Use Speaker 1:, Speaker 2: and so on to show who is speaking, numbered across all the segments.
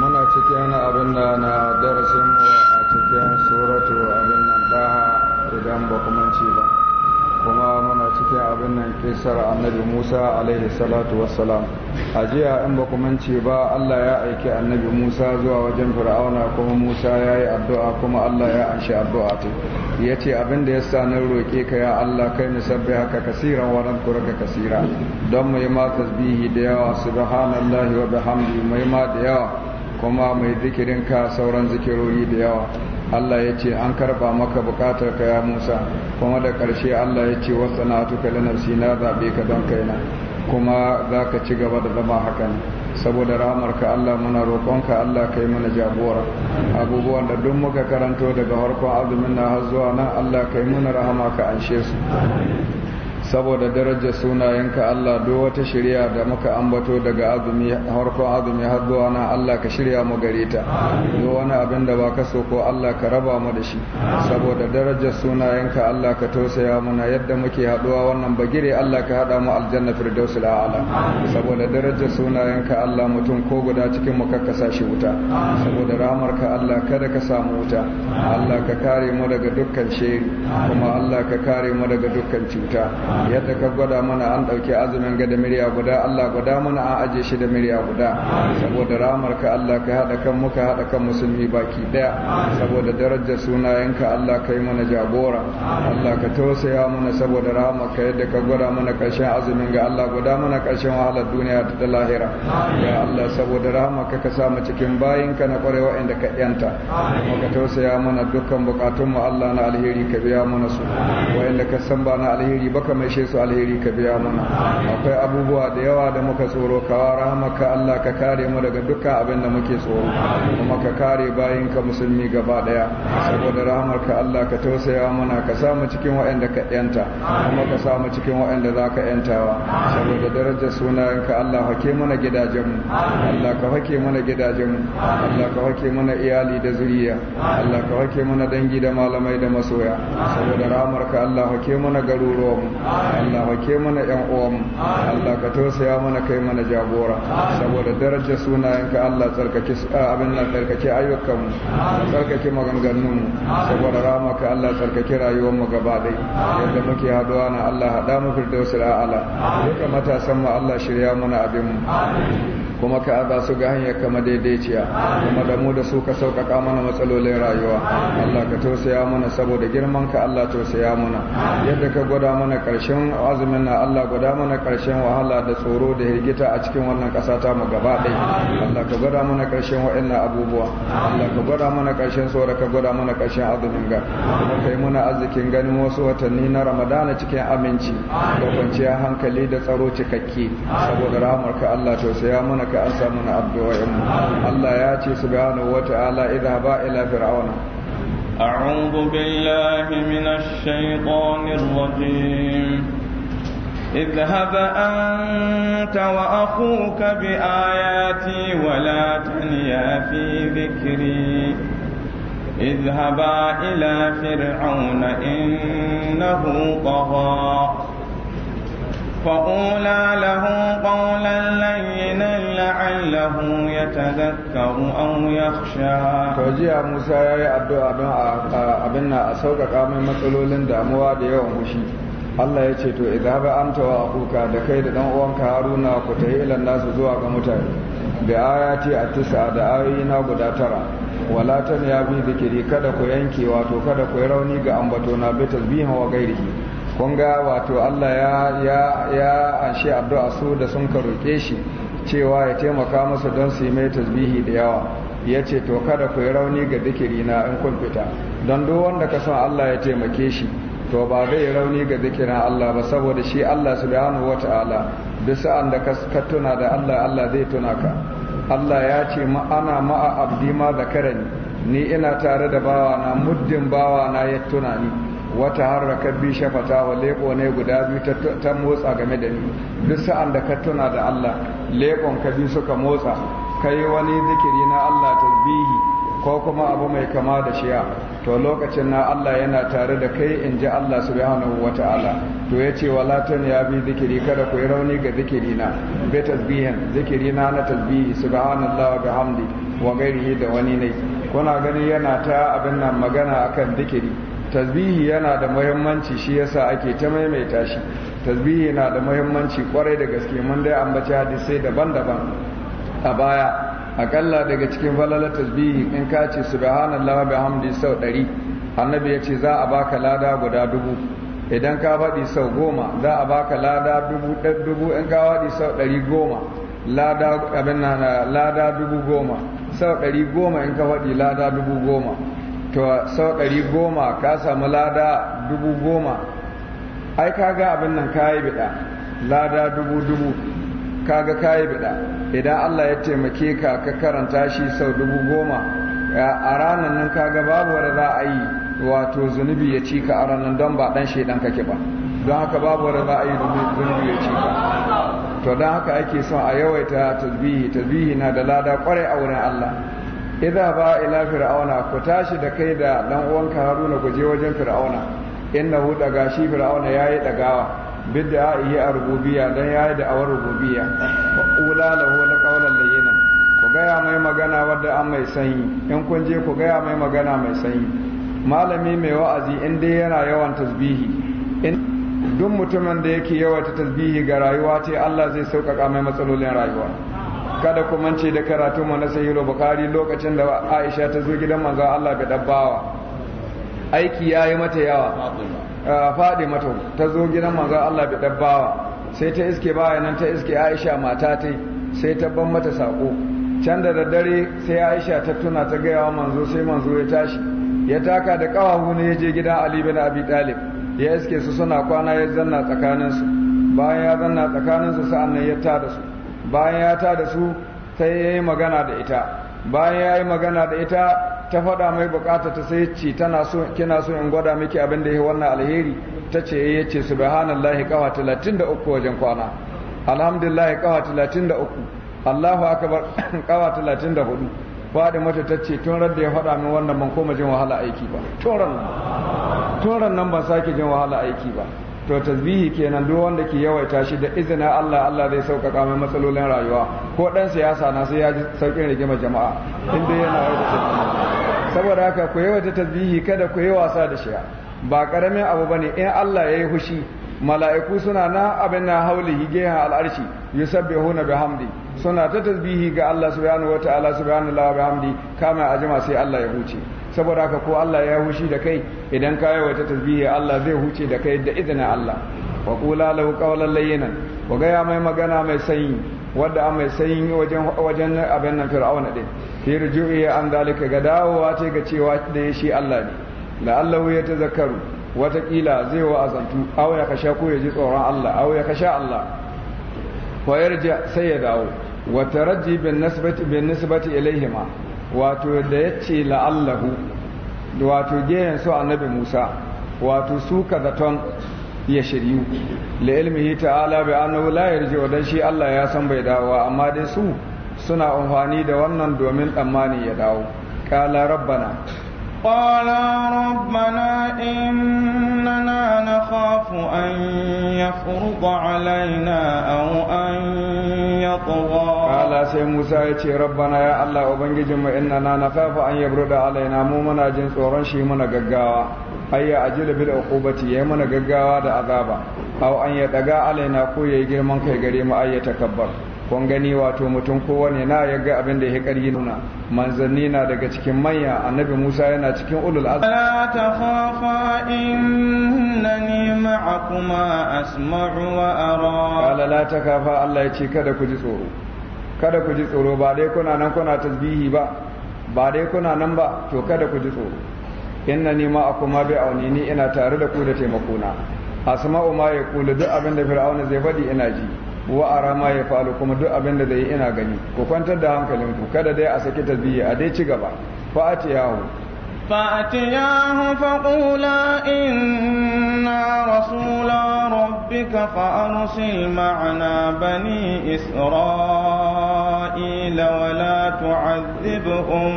Speaker 1: muna cikin abin da na darasin mu a cikin suratu abin nan daha idan ba kuma ci kuma muna cikin abin nan kisar annabi musa alaihi salatu wassalam a jiya in ba ku mance ba allah ya aiki annabi musa zuwa wajen fir'auna kuma musa ya yi addu'a kuma allah ya anshi addu'a ta ya ce abin da ya sa na roƙe ka ya allah kai ni sabbi haka kasiran wa ku kuraka kasira don mai ma tasbihi da yawa subhanallahi wa bihamdi mai ma da yawa kuma mai zikirin ka sauran zikirori da yawa Allah ya ce an karba maka bukatar ka ya Musa kuma da ƙarshe Allah ya ce wasu na tuka nafsi na zaɓe ka don kaina kuma za ka ci gaba da zama hakan saboda ka Allah muna roƙonka Allah kai mana jagora abubuwan da duk muka karanto daga harkon azumin na har zuwa nan Allah kai mana rahama ka anshe su saboda darajar sunayenka Allah duk wata shirya da muka ambato daga azumi harkon azumi har zuwa na Allah ka shirya mu gare ta duk wani abin da ba ka so ko Allah ka raba mu da shi saboda darajar sunayenka Allah ka tausaya muna yadda muke haduwa wannan bagire Allah ka hada mu aljanna firdausul a'la saboda darajar sunayenka Allah mutum ko guda cikin mu kakkasa shi wuta saboda rahmarka Allah kada ka samu wuta Allah ka kare mu daga dukkan shiri kuma Allah ka kare mu daga dukkan cuta yadda ka gwada mana an ɗauki azumin ga da murya guda Allah guda mana an aje shi da murya guda saboda ka Allah ka haɗa kan muka haɗa kan musulmi baki ɗaya saboda darajar sunayenka Allah ka yi mana jagora Allah ka tausaya mana saboda ka yadda ka gwada mana ƙarshen azumin ga Allah guda mana ƙarshen wahalar duniya ta ta lahira ya Allah saboda ramarka ka ka sa mu cikin ka na ƙwarewa inda ka yanta kuma ka tausaya mana dukkan bukatunmu Allah na alheri ka biya mana su wa'inda ka san ba na alheri ba ka maishe su alheri ka biya mana akwai abubuwa da yawa da muka tsoro rahama ka Allah ka kare mu daga duka abin da muke tsoro kuma ka kare bayin ka musulmi gaba daya saboda ka Allah ka tausaya mana ka sa mu cikin waɗanda ka yanta kuma ka sa mu cikin waɗanda za ka yantawa saboda darajar ka Allah hake mana gidajenmu Allah ka hake mana gidajenmu Allah ka hake mana iyali da zuriya Allah ka hake mana dangi da malamai da masoya saboda ka Allah hake mana mu. Allah hake mana yan uwan Allah ka tausaya mana kai mana jagora saboda darajar sunayenka Allah tsarkake abin nan tsarkake ayyukan mu tsarkake maganganun mu saboda ka Allah tsarkake rayuwar mu gaba dai yadda muke haduwa na Allah hada mu firdausul a'ala duka matasan mu Allah shirya mana abin mu kuma ka ada su ga hanyar kama daidaiciya kuma da mu da su ka sauƙaƙa mana matsalolin rayuwa Allah ka tausaya mana saboda girman ka Allah tausaya mana yadda ka gwada mana ƙarshen azumin na Allah gwada mana ƙarshen wahala da tsoro da hirgita a cikin wannan ƙasa ta mu gaba ɗaya Allah ka gwada mana ƙarshen wa'annan abubuwa Allah ka gwada mana ƙarshen tsoro ka gwada mana ƙarshen azumin ga kuma kai muna arzikin ganin wasu watanni na Ramadana cikin aminci da kwanciyar hankali da tsaro cikakke saboda rahamar ka Allah tausaya mana innaka ahsanul abdawain Allah ya ce subhanahu wata'ala idha ba ila fir'auna
Speaker 2: a'udhu billahi minash shaitanir rajim اذهب أنت وأخوك بآياتي ولا تنيا في ذكري اذهبا إلى فرعون إنه طغى فقولا له قولا لينا
Speaker 1: لعله يتذكر أو يخشى توجيه موسى يا الدعاء don abinna a sauƙaƙa mai matsalolin damuwa da yawan Allah ya ce to idza ba amta wa akuka da kai da dan uwanka Haruna ku tahi ilan nasu zuwa ga mutane bi ayati at-tis'a da ayoyi na guda tara wala ya bi zikiri kada ku yanke wato kada ku yi rauni ga ambato na bi tasbihin wa gairihi Kunga wato Allah ya ya ya anshi addu'a su da sun ka roke shi cewa ya taimaka musu don su yi mai tasbihi da yawa ya ce to kada ku yi rauni ga zikiri na in kun fita don duk wanda ka san Allah ya taimake shi to ba zai yi rauni ga zikirin Allah ba saboda shi Allah subhanahu wata'ala duk sa'an da ka tuna da Allah Allah zai tuna ka Allah ya ce ma ana ma'a abdi ma zakarani ni ina tare da bawana muddin bawana ya tuna ni wata harraka bi shafata wa leko ne guda biyu ta motsa game da ni duk sa'an da ka tuna da Allah lekon ka bi suka motsa kai wani zikiri na Allah tasbihi ko kuma abu mai kama da shiya to lokacin na Allah yana tare da kai in ji Allah subhanahu wa ta'ala to ya ce walatan ya bi zikiri kada ku yi rauni ga zikiri na bi tasbihin zikiri na na tasbihi subhanallah wa bihamdi wa gairihi da wani ne kuna gani yana ta abin nan magana akan zikiri tasbihi yana da muhimmanci shi yasa ake ta maimaita shi tasbihi yana da muhimmanci kwarai da gaske mun dai ambaci hadisai daban-daban a baya akalla daga cikin falalar tasbihi in ka ce subhanallahi bihamdi sau ɗari annabi ya ce za a baka lada guda dubu idan ka faɗi sau goma za a baka lada dubu ɗan dubu in ka faɗi sau ɗari goma lada abin na lada dubu goma sau ɗari goma in ka faɗi lada dubu goma to sau ɗari goma ka samu lada dubu goma ai kaga abin nan kayi biɗa lada dubu dubu kaga kayi biɗa idan Allah ya taimake ka ka karanta shi sau dubu goma a ranar nan kaga babu wani za a yi wato zunubi ya ci ka a ranar don ba ɗan shaidan kake ba don haka babu wani za a yi zunubi ya ci ka to don haka ake son a yawaita tasbihi tasbihi na da lada kwarai a wurin Allah idza ba ila fir'auna ku tashi da kai da dan uwanka haruna ku wajen fir'auna innahu daga shi fir'auna yayi dagawa bid'a yi a dan yayi da awar rububiyya wa ula lahu la qawlan layyina ku gaya mai magana wadda an mai sanyi in kun je ku gaya mai magana mai sanyi malami mai wa'azi in dai yana yawan tasbihi in duk mutumin da yake yawaita tasbihi ga rayuwa ce Allah zai sauƙaƙa mai matsalolin rayuwa kada ku mance da karatu mu na sahihu bukhari lokacin da aisha ta zo gidan manzon Allah ga dabbawa aiki yayi mata yawa faɗi mata ah, ta zo gidan manzon Allah ga dabbawa sai ta iske baya nan ta iske aisha mata ta sai ta ban mata sako can da daddare sai aisha ta tuna ta gaya wa manzo sai manzo ya tashi ya taka da kawahu ne ya je gidan ali bin abi talib ya iske su suna kwana ya zanna tsakaninsu bayan ya zanna tsakaninsu sa'an nan ya tada su bayan ya ta da su sai ya yi magana da ita bayan ya yi magana da ita ta faɗa mai bukata ta sai ce tana so kina so in gwada miki abin da ya wannan alheri ta ce eh, ya ce subhanallahi kawa 33 wajen kwana alhamdulillahi kawa 33 Allahu akbar kawa 34 faɗi mata ta ce tun ran da ya faɗa min wannan ban koma jin wahala aiki ba tun ran nan ban sake jin wahala aiki ba to tasbihi kenan duk wanda ke yawaita shi da izinin Allah Allah zai sauƙaƙa mai matsalolin rayuwa ko ɗan siyasa na sai ya ji sauƙin rigimar jama'a inda yana yawaita saboda haka ku yawaita tasbihi kada ku yi wasa da shi ba ƙaramin abu bane in Allah ya yi hushi mala'iku suna na abin na haulihi geha al'arshi bi Hamdi suna ta tasbihi ga Allah subhanahu wata'ala subhanallahi wa Hamdi kama a jima sai Allah ya huce saboda haka ko Allah ya hushi da kai idan ka ta tasbihi Allah zai huce da kai da izinin Allah wa kula lahu qawlan layyinan wa ga mai magana mai sanyi wanda mai sanyi wajen wajen abin nan fir'auna din fi rujui an zalika ga dawowa ce ga cewa da shi Allah ne la'allahu yatazakkaru watakila zai wa'azantu aw ya kasha ko ya ji tsoron Allah aw ya kasha Allah wa yarja sai ya dawo wa taraji bin nisbati bin ilaihima wato da yace la'allahu wato gehen su annabi Musa wato su ka zaton ya shiryu la ilmihi ta'ala bi annahu la yarji dan shi Allah ya san bai dawo amma dai su suna amfani da wannan domin tsammani ya dawo qala rabbana
Speaker 2: قالا ربنا إننا نخاف أن
Speaker 1: يفرض علينا أو أن يطغى قال سي موسى يتي ربنا يا الله وبنجم إننا نخاف أن يبرد علينا مومنا جنس ورنشي منا ققاوة أي أجل بالعقوبة يمنا ققاوة دا أو أن يتقى علينا قوي يجير يجرمان كي قريم أي تكبر kun gani wato mutum kowane na ya abin da ya karyi nuna manzanni na daga cikin manya annabi Musa yana cikin ulul azmi
Speaker 2: la takhafa innani ma'akuma
Speaker 1: asma'u wa ara kala la takhafa Allah ya ce kada ku ji tsoro kada ku ji tsoro ba dai kuna nan kuna tasbihi ba ba dai kuna nan ba to kada ku ji tsoro innani ma'akuma bi ni ina tare da ku da taimakona asma'u ma yaqulu duk abin da fir'auna zai faɗi ina ji wa ara ma ya faɗo kuma duk abin da zai ina gani ko kwantar da hankalinku kada dai a saki tasbihi a dai ci gaba fa atiyahu
Speaker 2: fa atiyahu fa qula inna rasula rabbika fa arsil ma'ana bani isra'ila wa la tu'adhibhum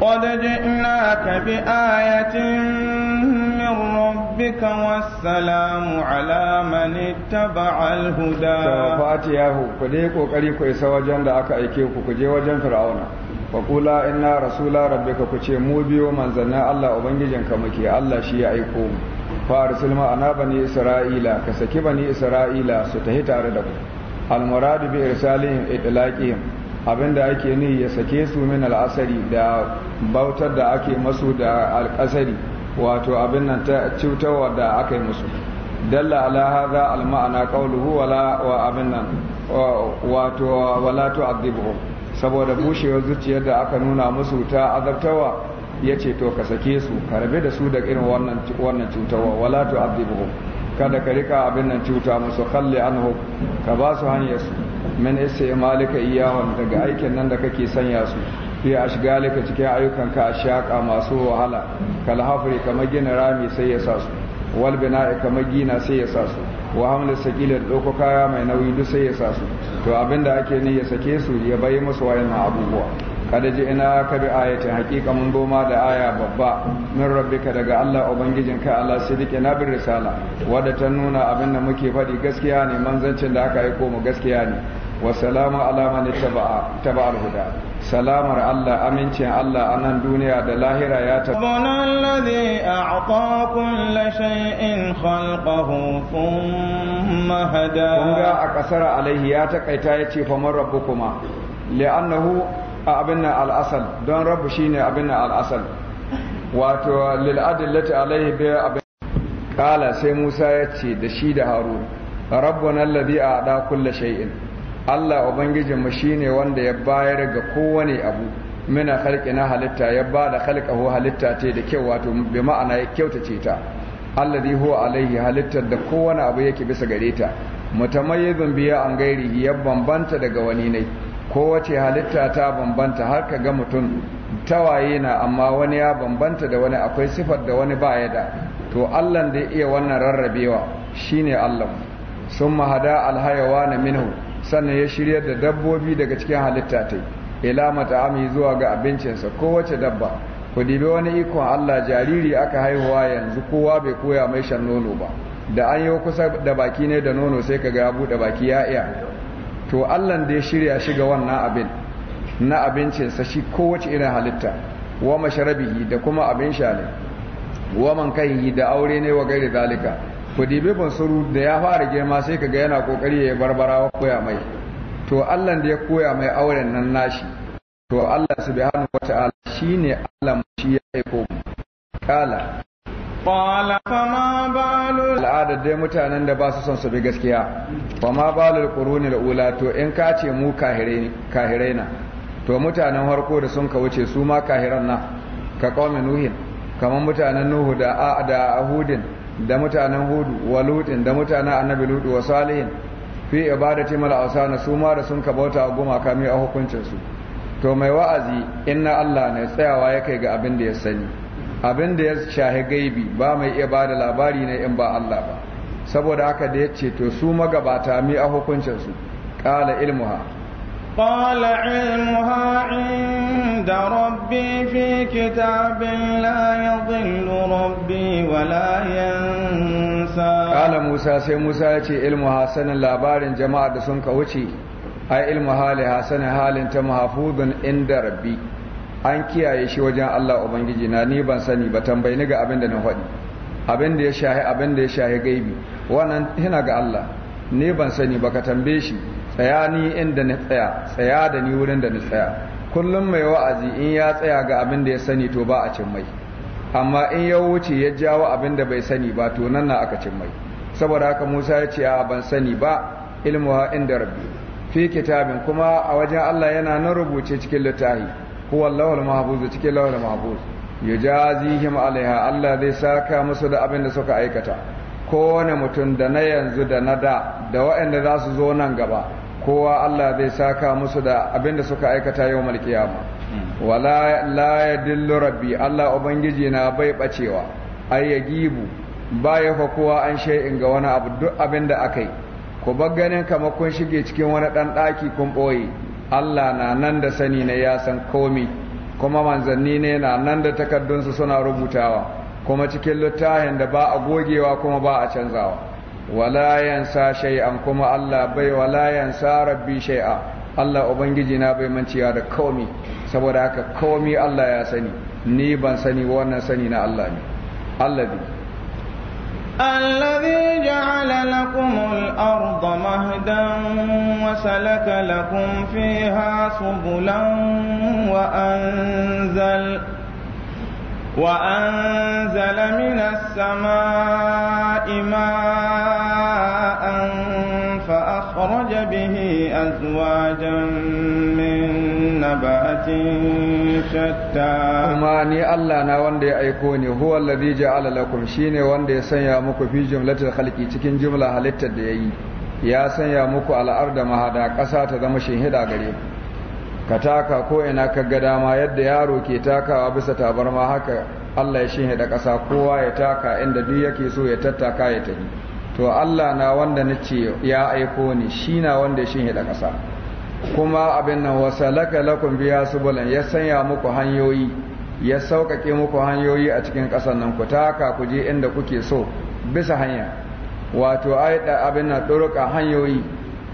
Speaker 2: qad ji'naka bi ayatin من ربك والسلام
Speaker 1: على من اتبع الهدى فاتياه kokari ku isa wajen da aka aike ku ku je wajen fir'auna fa kula inna rasula rabbika ku ce mu biyo manzannin Allah ubangijinka muke Allah shi ya aiko mu fa arsilma ana bani isra'ila ka saki bani isra'ila su tahi tare da ku al muradu bi irsalihim itlaqihim abinda ake ni ya sake su min al'asari da bautar da ake masu da alƙasari wato abin nan ta da aka yi musu dalla ala hadha al ma'ana qawluhu wala wa abin nan wato wala tu'adhibuhum saboda bushewar zuciyar da aka nuna musu ta azabtawa yace to ka sake su ka da su da irin wannan wannan cutarwa wala tu'adhibuhum kada ka rika abin nan cuta musu kalli anhu ka ba su hanyar su min isa malika iyahun daga aikin nan da kake sanya su a shiga laka cikin ayyukan ka a shaƙa masu wahala kalhafuri kamar gina rami sai ya sa su walbina kamar gina sai ya sa su wa hamla sakila doko kaya mai nauyi duk sai ya sa su to da ake ne ya sake su ya bayi musu wayan abubuwa kada ji ina ka bi ayatin hakika mun goma da aya babba min ka daga Allah ubangijinka Allah sidiki na bin risala wadda ta nuna abin da muke faɗi gaskiya ne manzancin da aka aiko mu gaskiya ne wasalamu ala man taba'a taba'a huda salamar Allah amincin Allah anan duniya da lahira ya ta Rabbanan ladhi a'ta kulla shay'in
Speaker 2: khalqahu
Speaker 1: thumma hada kun ga a kasar alaihi ya takaita yace fa man rabbukuma li'annahu abinna al-asal don rabbu shine abinna al-asal wato lil alaihi bi abin kala sai Musa yace da shi da Harun rabbana alladhi a'ta kulla shay'in Allah Ubangijinmu shi ne wanda ya bayar ga kowane abu mina halƙi na halitta ya ba da halƙahu halitta ce da kyau wato bi ma'ana ya kyautace ta Allah zai huwa alaihi halittar da kowane abu yake bisa gare ta mutamayyizun biya an gairi ya bambanta daga wani ne kowace halitta ta bambanta har ka ga mutum tawaye na amma wani ya bambanta da wani akwai sifar da wani baya da to Allah da iya wannan rarrabewa shine Allah sun mahada alhayawa na minhu sannan ya shiryar da dabbobi daga cikin halitta ta ila mata'ami zuwa ga abincinsa kowace dabba ku dibi wani ikon Allah jariri aka haihuwa yanzu kowa bai koya mai shan nono ba da an yi kusa da baki ne da nono sai kaga ya bude baki ya iya to Allah da ya shirya shi ga wannan abin na abincinsa shi kowace irin halitta wa masharabihi da kuma abin sha ne wa man da aure ne wa gairi zalika kudibe ban bansuru da ya fara girma sai ka kaga yana kokari ya barbarawa koya mai to Allah da ya koya mai auren nan nashi to Allah subhanahu wata'ala shine Allah shi ya aiko mu kala qala fama balu al'ada dai mutanen da ba su son su bi gaskiya fama balu quruni ula to in ka ce mu kahire kahire na to mutanen harko da sun ka wuce su ma kahiran na ka qaumi nuhin kamar mutanen nuhu da a da ahudin da mutanen hudu wa lutin da mutanen annabi lutu wa salihin fi ibadati mal awsana su ma da sun kabauta a gumaka kami a hukuncin su to mai wa'azi inna Allah ne tsayawa ya kai ga abin da ya sani abin da ya shahi gaibi ba mai iya bada labari ne in ba Allah ba saboda haka da ya ce to su magabata mi a hukuncin su qala ilmuha
Speaker 2: قال علمها عند ربي في كتاب
Speaker 1: لا يضل ربي ولا ينسى قال موسى سي موسى يتي علمها سنة لابار جماعة سنك وشي أي ilmu haliha sanin حال ta mahafudun inda rabbi an kiyaye shi wajen Allah Ubangiji na ni ban sani ba tambayi ni ga abin da na faɗi abin da ya shahi abin da ya shahi gaibi wannan hina ga Allah ni ban sani ba ka tambaye shi tsaya ni inda na tsaya tsaya da ni wurin da na tsaya kullum mai wa'azi in ya tsaya ga abin da ya sani to ba a cin mai amma in ya wuce ya jawo abin da bai sani ba to nan na aka cin mai saboda haka Musa ya ce a ban sani ba ilmuha inda rabbi fi kitabin kuma a wajen Allah yana nan rubuce cikin littafi huwa Allahul mahfuz cikin lawal mahfuz yujazihim alaiha Allah zai saka musu da abin da suka aikata kowane mutum da na yanzu da na da da waɗanda za su zo nan gaba kowa Allah zai saka musu da abin da suka aikata yau malkiyama wala la yadillu rabbi Allah ubangiji na bai bacewa ai yagibu Ba ya fa kowa an shay'in ga wani abu duk abinda akai ku bar ganin kamar kun shige cikin wani dan daki kun boye Allah na nan da sani na yasan komi kuma manzanni ne na nan da takaddunsu suna rubutawa kuma cikin littafin da ba a gogewa kuma ba a canzawa wala yansa shay'an kuma Allah bai wala yansa rabbi shay'a Allah ubangiji na bai manciya da komi saboda haka komi Allah ya sani ni ban sani wannan sani na Allah ne allazi
Speaker 2: الذي جعل لكم الأرض مهدا وسلك لكم فيها wa وأنزل وأنزل من السماء ماء فأخرج به أزواجا na نبات
Speaker 1: شتى وما ني الله نا wanda ya aiko ne huwa alladhi ja'ala shi ne wanda ya sanya muku fi jumlatil khalqi cikin jumla halittar da yayi ya sanya muku al'ar da mahada ƙasa ta zama shinhida gare ku ka taka ko ina ka ga dama yadda yaro ke takawa bisa tabarma haka Allah ya shehe da ƙasa kowa ya taka inda duk yake so ya tattaka ya tafi to Allah na wanda na ce ya aiko ni shi na wanda ya shehe da ƙasa kuma abin nan wasa laka lakun biya subulan ya sanya muku hanyoyi ya sauƙaƙe muku hanyoyi a cikin ƙasar nan ku taka ku je inda kuke so bisa hanya wato ai abin nan ɗoruka hanyoyi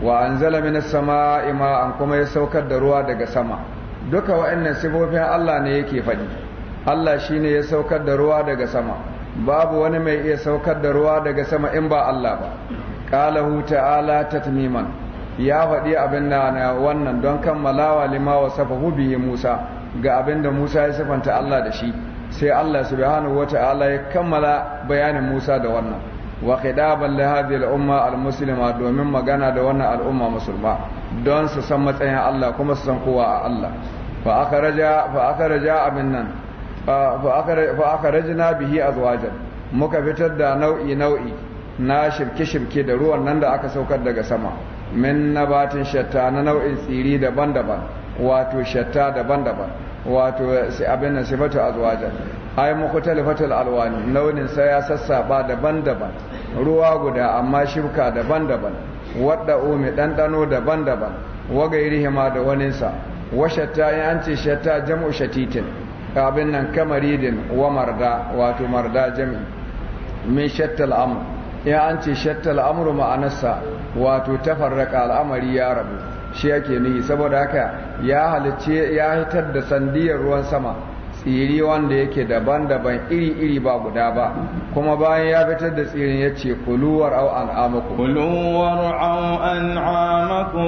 Speaker 1: wa an mini sama ima an kuma ya saukar da ruwa daga sama duka wa'annan sifofin Allah ne yake faɗi Allah shine ya saukar da ruwa daga sama babu wani mai iya saukar da ruwa daga sama in ba Allah ba Ƙalahu ta'ala tatmiman ya faɗi abin da wannan don wa lima wa hu bihi Musa ga abin da Musa ya sifanta Allah da shi sai Allah subhanahu ta'ala ya kammala bayanin Musa da wannan wa khidaban li hadhihi al-umma al-muslima domin magana da wannan al'umma musulma don su san matsayin Allah kuma su san kowa a Allah fa akhraja fa akhraja abin nan fa bihi azwajan muka fitar da nau'i nau'i na shirke-shirke da ruwan nan da aka saukar daga sama min nabatin shatta na nau'in tsiri daban-daban wato shatta daban-daban wato abin nan sifatu azwajan ai mukhtalifatul alwani launin sa ya sassaba daban-daban ruwa guda amma shibka daban-daban wadda umi dandano daban-daban wa gairihima da waninsa. sa wa shatta in an ce shatta jam'u shatitin abin nan kamaridin wa marda wato marda jam'i min shatta amr in an ce shatta amru ma'anarsa wato tafarraka al'amari ya rabu shi yake nihi saboda haka ya halicce ya hitar da sandiyar ruwan sama tsiri wanda yake daban-daban iri-iri ba guda ba kuma bayan ya fitar da tsirin ya ce kuluwar au an an'amakum kuluwar au an-amako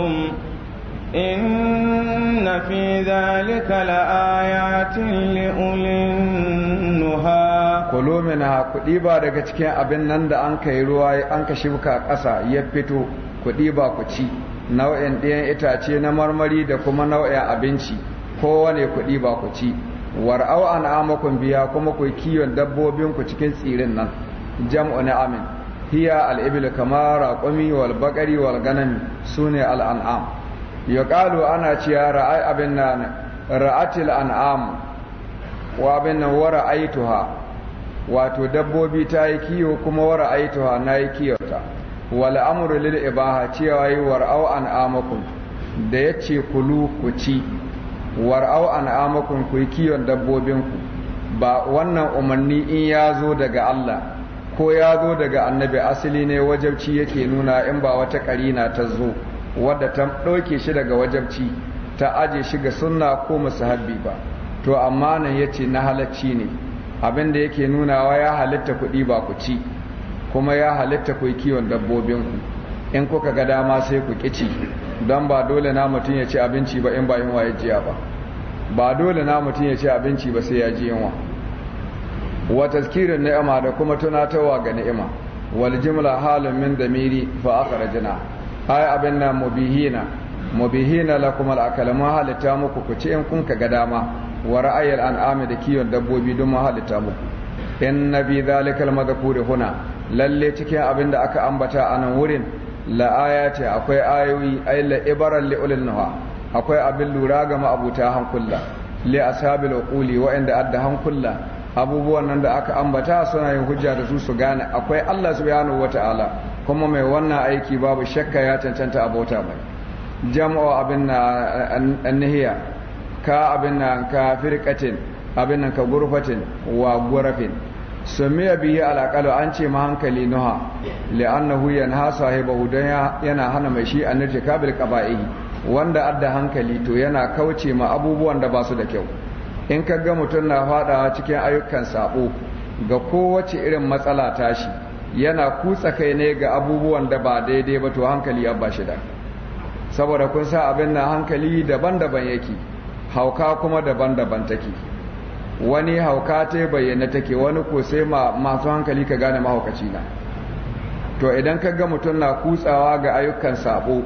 Speaker 1: in inna fi zalika la'ayatin li'ulin nuha kulu minha kuɗi ba daga cikin abin nan da an kai ruwa an ka shibka ƙasa ya fito kuɗi ba ku ci nau'in ɗayan itace na marmari da kuma nau'in abinci kowane kuɗi ba ku ci war'au an amakon biya kuma ku kiyon dabbobinku cikin tsirin nan jam'u na amin hiya al'ibil kama raƙumi wal bakari wal ganami su ne al'an'am ya ƙalu ana ciya ra'ai abin nan ra'atil an'am wa abin nan wa ra'aituha wato dabbobi ta yi kiyo kuma wa ra'aituha na yi kiyota wal amru lil ibaha cewa yi war'au an amakon da ya ce kulu ku ci war'au an'amakum ku yi kiyon dabbobinku ba wannan umarni in ya zo daga Allah ko ya zo daga annabi asali ne wajabci yake nuna in ba wata karina ta zo wadda ta ɗauke shi daga wajabci ta aje shi ga sunna ko musahabbi ba to amma nan yace na halacci ne abin da yake nunawa ya halitta kuɗi ba ku ci kuma ya halitta ku kiyon dabbobinku in kuka ga dama sai ku kici don ba dole na mutum ya ci abinci ba in ba yunwa ya jiya ba ba dole na mutum ya ci abinci ba sai ya ji yunwa wa tazkirin ni'ima da kuma tunatarwa ga ni'ima wal jimla halin min damiri fa akhrajna ay abin nan mubihina mubihina lakum al akal halitta muku ku ci in kun ka ga dama wa ra'ayil an'ami da kiyon dabbobi don ma halitta muku in nabi zalikal madhkur huna lalle cikin abin da aka ambata a nan wurin ce akwai ayoyi ay la ibaran li ulil nuha akwai abin lura ga ma'abuta hankula li ashabil uquli inda adda hankula abubuwan nan da aka ambata suna yin hujja da su su gane akwai Allah subhanahu wata'ala kuma mai wannan aiki babu shakka ya cancanta abota mai jam'u abin na annahiya ka abin nan ka abin nan ka gurfatin wa gurafin sumiya biyu alakalu an ce ma hankali nuha li'annahu yanha sahibahu dan yana hana mai shi an rike kabil qaba'i wanda adda hankali to yana kauce ma abubuwan da ba su da kyau in ka ga mutum na fadawa cikin ayyukan sabo ga kowace irin matsala tashi yana kutsa kai ne ga abubuwan da ba daidai ba to hankali ya ba shi da saboda kun sa abin na hankali daban-daban yake hauka kuma daban-daban take wani hauka ta bayyana take wani ko sai masu hankali ka gane mahaukaci na to idan ka ga mutum na kutsawa ga ayyukan sabo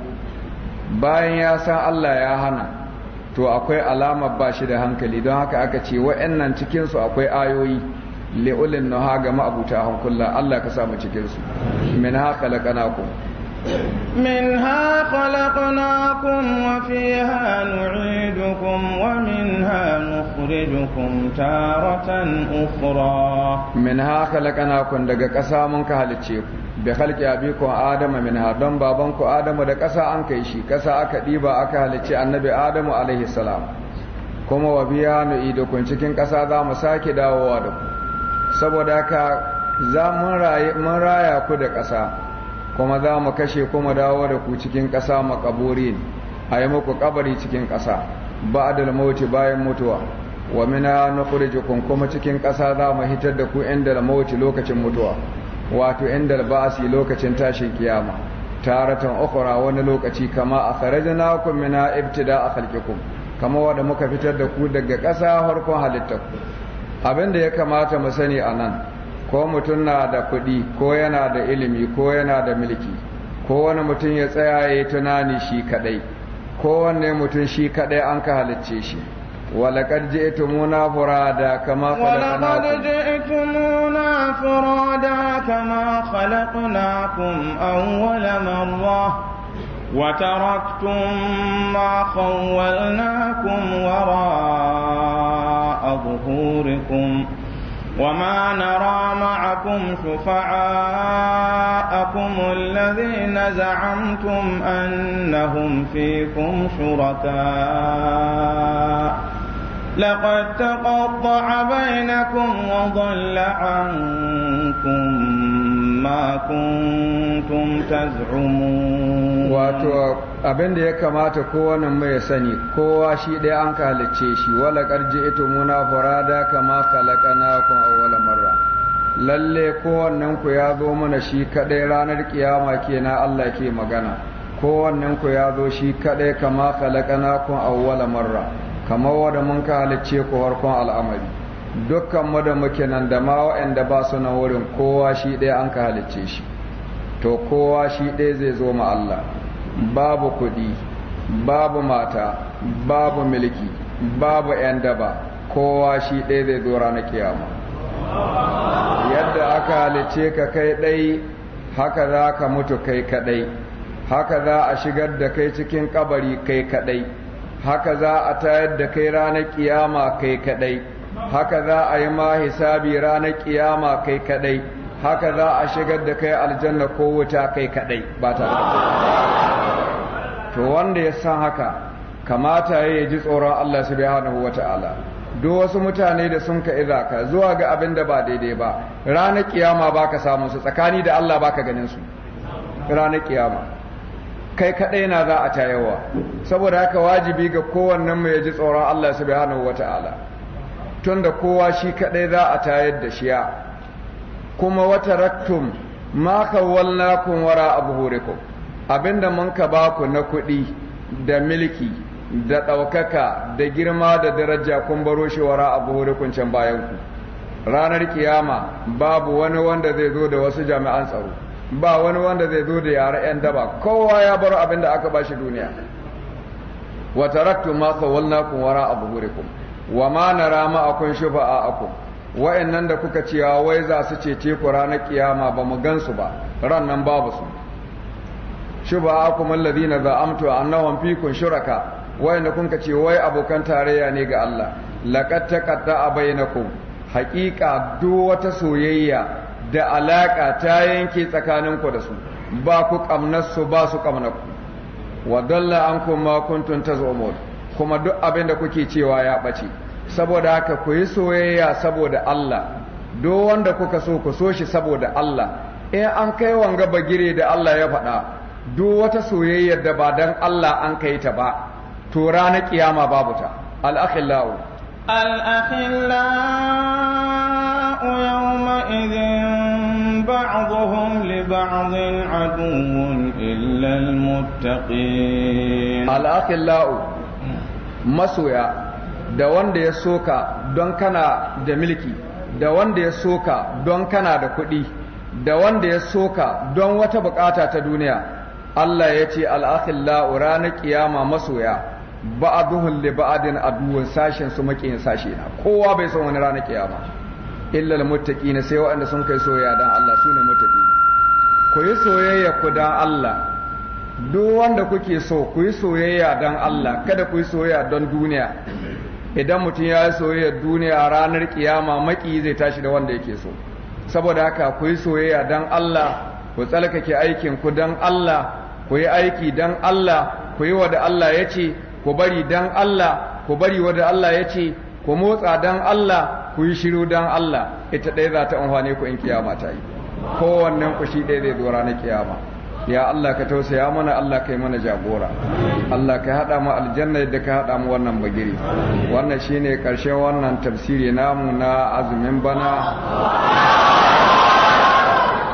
Speaker 1: bayan ya san Allah ya hana to akwai alamar ba shi da hankali don haka aka ce wa'annan cikinsu akwai ayoyi li'ulin nuha ga ma'abuta hankula Allah ka samu cikinsu min haka ku?
Speaker 2: Min haƙa lakanakun wa fiyehannu
Speaker 1: idukun wa min haƙuridukun taratan ufuro. Min haƙa lakanakun daga ƙasa mun ka halicce ku. Bai halƙa a Adama babanku Adama. Da ƙasa an shi kasa aka ɗiba aka halicce annabi adamu Adama alaihi salam. Kuma wa fiyehannu idukun cikin ƙasa za mu sa ke dawowa daku. Saboda ka za mun raya ku da ƙasa. kuma za mu kashe kuma dawo da ku cikin ƙasa makaburi a yi muku ƙabari cikin ƙasa ba da lamauti bayan mutuwa wa mina nukhrijukum kuma cikin ƙasa za mu hitar da ku inda lamauti lokacin mutuwa wato inda ba'asi lokacin tashin kiyama taratan ukhra wani lokaci kama a akhrajnakum min ibtida'a khalqikum kama wanda muka fitar da ku daga ƙasa harkon halittar abinda ya kamata mu sani a nan ko mutum na da kuɗi ko yana da ilimi ko yana da mulki ko wani mutum ya tsaya ya yi tunani shi kaɗai ko wanne mutum shi kaɗai an ka halicce shi ولقد جئتمونا فرادا كما خلقناكم ولقد
Speaker 2: جئتمونا فرادا وتركتم ما خولناكم وراء ظهوركم وما نرى معكم شفعاءكم الذين زعمتم أنهم فيكم شركاء لقد تقطع بينكم
Speaker 1: وضل عنكم ما كنتم تزعمون واتو abin ya kamata kowane mai sani kowa shi ɗaya an ka shi wala ƙarji ito muna farada kama kalakana kun awwala marra lalle kowannen ku ya zo mana shi kaɗai ranar kiyama kenan Allah ke magana kowannen ku ya zo shi kaɗai kama kalakana kun awwala marra kamar wanda mun ka ku farkon al'amari dukkan mu da muke nan da ma waɗanda ba su nan wurin kowa shi ɗaya an ka halicce shi to kowa shi ɗaya zai zo ma Allah babu kuɗi babu mata babu milki babu 'yan daba kowa shi ɗaya zai zo ranar kiyama yadda aka halicce ka kai ɗai haka za ka mutu kai kaɗai haka za a shigar da kai cikin kabari kai kaɗai haka za a tayar da kai ranar kiyama kai kaɗai haka za a yi ma hisabi ranar kiyama kai kadai haka za a shigar da kai aljanna ko wuta kai kadai ba ta da to wanda ya san haka kamata ya ji tsoron Allah wa ta'ala. duk wasu mutane da sun ka izaka ka zuwa ga abin da ba daidai ba ranar kiyama ka samun su tsakani da Allah ba ka ganin su ranar kiyama kai kadai na za a tayarwa saboda haka wajibi ga kowannen mu ya ji tsoron Allah subhanahu wata'ala tunda kowa shi kadai za a tayar da shiya kuma wata raktum ma kawwalnakum wara abhurikum abinda mun ka ba ku na kuɗi da milki da ɗaukaka da girma da daraja kun baro shi wara abhurikum can bayan ku ranar kiyama babu wani wanda zai zo da wasu jami'an tsaro ba wani wanda zai zo da yare 'yan daba kowa ya bar abin da aka shi duniya wa taraktu ma sawalnakum wara abhurikum wa ma na rama a aku. shufa'a'akum wa'annan da kuka cewa wai za su cece ku ranar kiyama ba mu gansu ba ran nan babu su shufa'a'akum alladhina za'amtu annahum fikum shuraka wa'anda kuka ce wai abokan tarayya ne ga Allah laqad taqatta'a bainakum haqiqa duk wata soyayya da alaƙa ta yanke tsakaninku da su ba ku kamnar su ba su kamnar ku wa dalla ankum ta kuntum tazumun kuma duk abin da kuke cewa ya ɓace saboda haka ku yi soyayya saboda Allah do wanda kuka so ku so shi saboda Allah in an kai wanga bagire da Allah ya faɗa do wata soyayyar da ba dan Allah an kai ta ba to ranar kiyama babu ta al akhillahu
Speaker 2: al akhillahu yawma idhin ba'dhum li ba'dhin aduwwun illa
Speaker 1: masoya da wanda ya soka don kana da milki da wanda ya soka don kana da kuɗi da wanda ya soka don wata bukata ta duniya Allah ya ce al'akhillahu ranar ƙiyama masoya ba'a duhun liba'adin aduwun sashen su makiyin sashe na kowa bai son wani ranar ƙiyama. illa al na sai waɗanda sun kai soya dan Allah su ne mutaƙi ku yi soyayya ku dan Allah duk wanda kuke so ku yi soyayya don Allah kada ku yi soyayya don duniya idan mutum ya yi soyayya duniya ranar kiyama maki zai tashi da wanda yake so saboda haka ku yi soyayya don Allah ku tsalkake aikin ku don Allah ku yi aiki don Allah ku yi wada Allah ya ce ku bari don Allah ku bari wada Allah ya ce ku motsa don Allah ku yi shiru don Allah ita ɗaya za ta ku in kiyama ta yi kowannen ku shi ɗaya zai zo ranar kiyama ya Allah ka tausaya mana Allah kai mana jagora Allah ka hada mu aljanna yadda ka hada mu wannan bagiri wannan shine karshen wannan tafsiri namu na azumin bana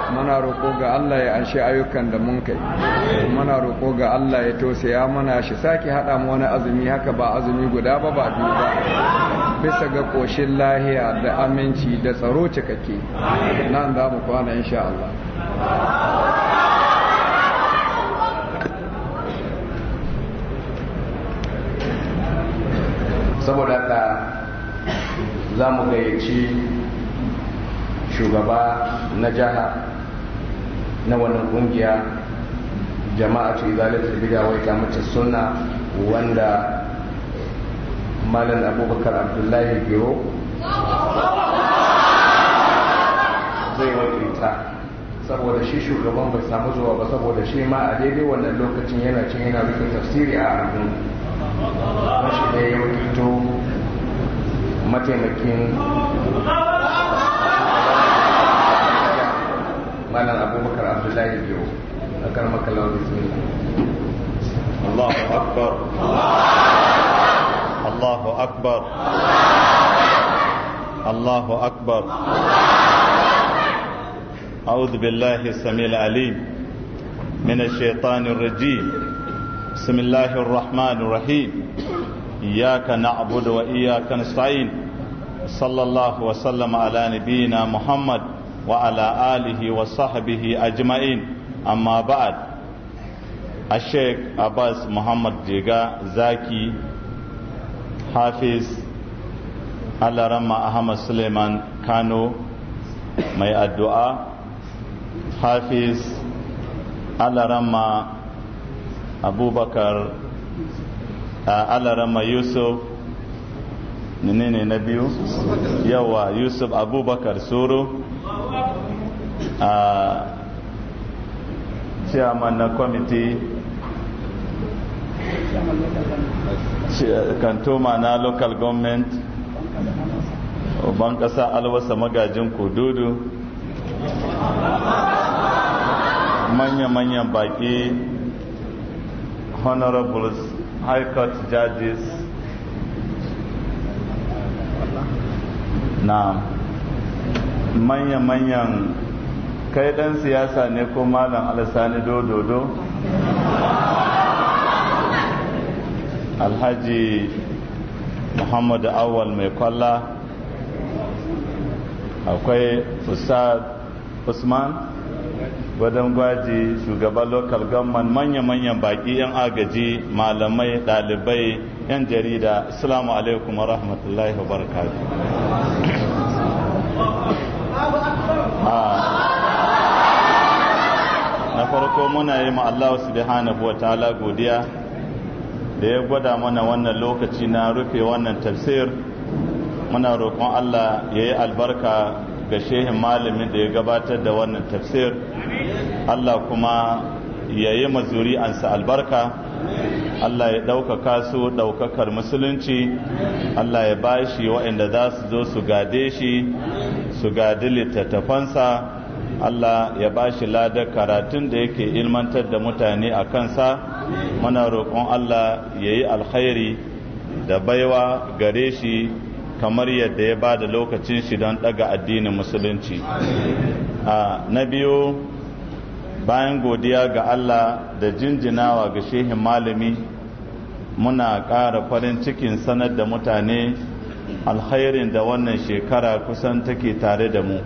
Speaker 1: muna roƙo ga Allah ya anshi ayyukan da mun kai muna roƙo ga Allah ya tausaya mana shi sake haɗa mu wani azumi haka ba azumi guda ba ba biyu ba bisa ga ƙoshin lahiya da aminci da tsaro cikakke nan za mu kwana insha Allah
Speaker 3: saboda haka za mu gayyaci shugaba na jaha na wannan kungiya jama'atu izalatul bid'a ta mace sunna wanda malam abubakar abdullahi biro zai wakilta saboda shi shugaban bai samu zuwa ba saboda shi ma a daidai wannan lokacin yana cin yana rufe tafsiri a abin mashi da ya wakilto mataimakin malam abubakar abdullahi biyu a karmakalawar bismillah allahu akbar
Speaker 4: allahu akbar allahu akbar أعوذ بالله السميع العليم من الشيطان الرجيم بسم الله الرحمن الرحيم إياك نعبد وإياك نستعين صلى الله وسلم على نبينا محمد وعلى آله وصحبه أجمعين أما بعد الشيخ عباس محمد جيغا زاكي حافظ Allah Ramma Ahmad Suleiman Kano mai addu'a Hafiz Allah Ramma abubakar alarama yusuf ne na biyu yawa yusuf abubakar suru a chairman na kwamiti kantoma na local government uban kasa alwasa magajin kududu manya-manyan baki honorables, high court judges. Na manya-manyan kai ɗan siyasa ne ko malam alasani dododo? Alhaji Muhammad Awal mai kwalla akwai Ustad Usman? gwadon gwaji shugaban local government manya-manyan baki 'yan agaji malamai ɗalibai 'yan jarida assalamu alaikum wa rahmatullahi wa barakatu ah. na farko muna yi Allah subhanahu wa ta'ala godiya da ya gwada mana wannan lokaci na rufe wannan tafsir muna roƙon Allah ya yi albarka ga shehin malamin da ya gabatar da wannan tafsir Allah kuma ya yi ansa albarka Allah ya ɗaukaka su ɗaukakar musulunci Allah ya ba shi waɗanda za su zo su gade shi su gadi littattafansa Allah ya ba shi lada karatun da yake ilmantar da mutane a kansa muna roƙon Allah ya yi alkhairi da baiwa gare shi kamar yadda ya ba da lokacin shi don ɗaga addinin musulunci na biyu bayan godiya ga Allah da jinjinawa ga shehin malami muna ƙara farin cikin sanar da mutane alkhairin da wannan shekara kusan take tare da mu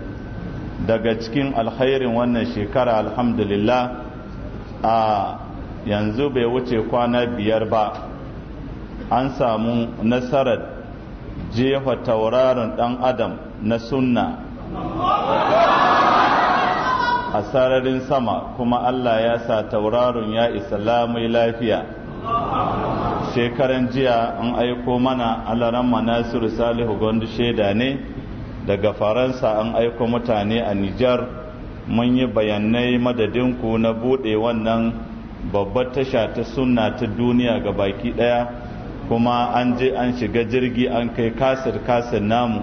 Speaker 4: daga cikin alkhairin wannan shekara alhamdulillah a yanzu bai wuce kwana biyar ba an samu nasarar jefa tauraron ɗan adam na sunna a sararin sama kuma Allah ya sa tauraron ya isa lamai lafiya shekaran jiya an aiko mana alaran manasiru salihu gondu shaida ne daga faransa an aiko mutane a nijar mun yi bayanai madadinku na buɗe wannan babbar tasha ta sunna ta duniya ga baki ɗaya kuma an je an shiga jirgi an kai kasir kasir namu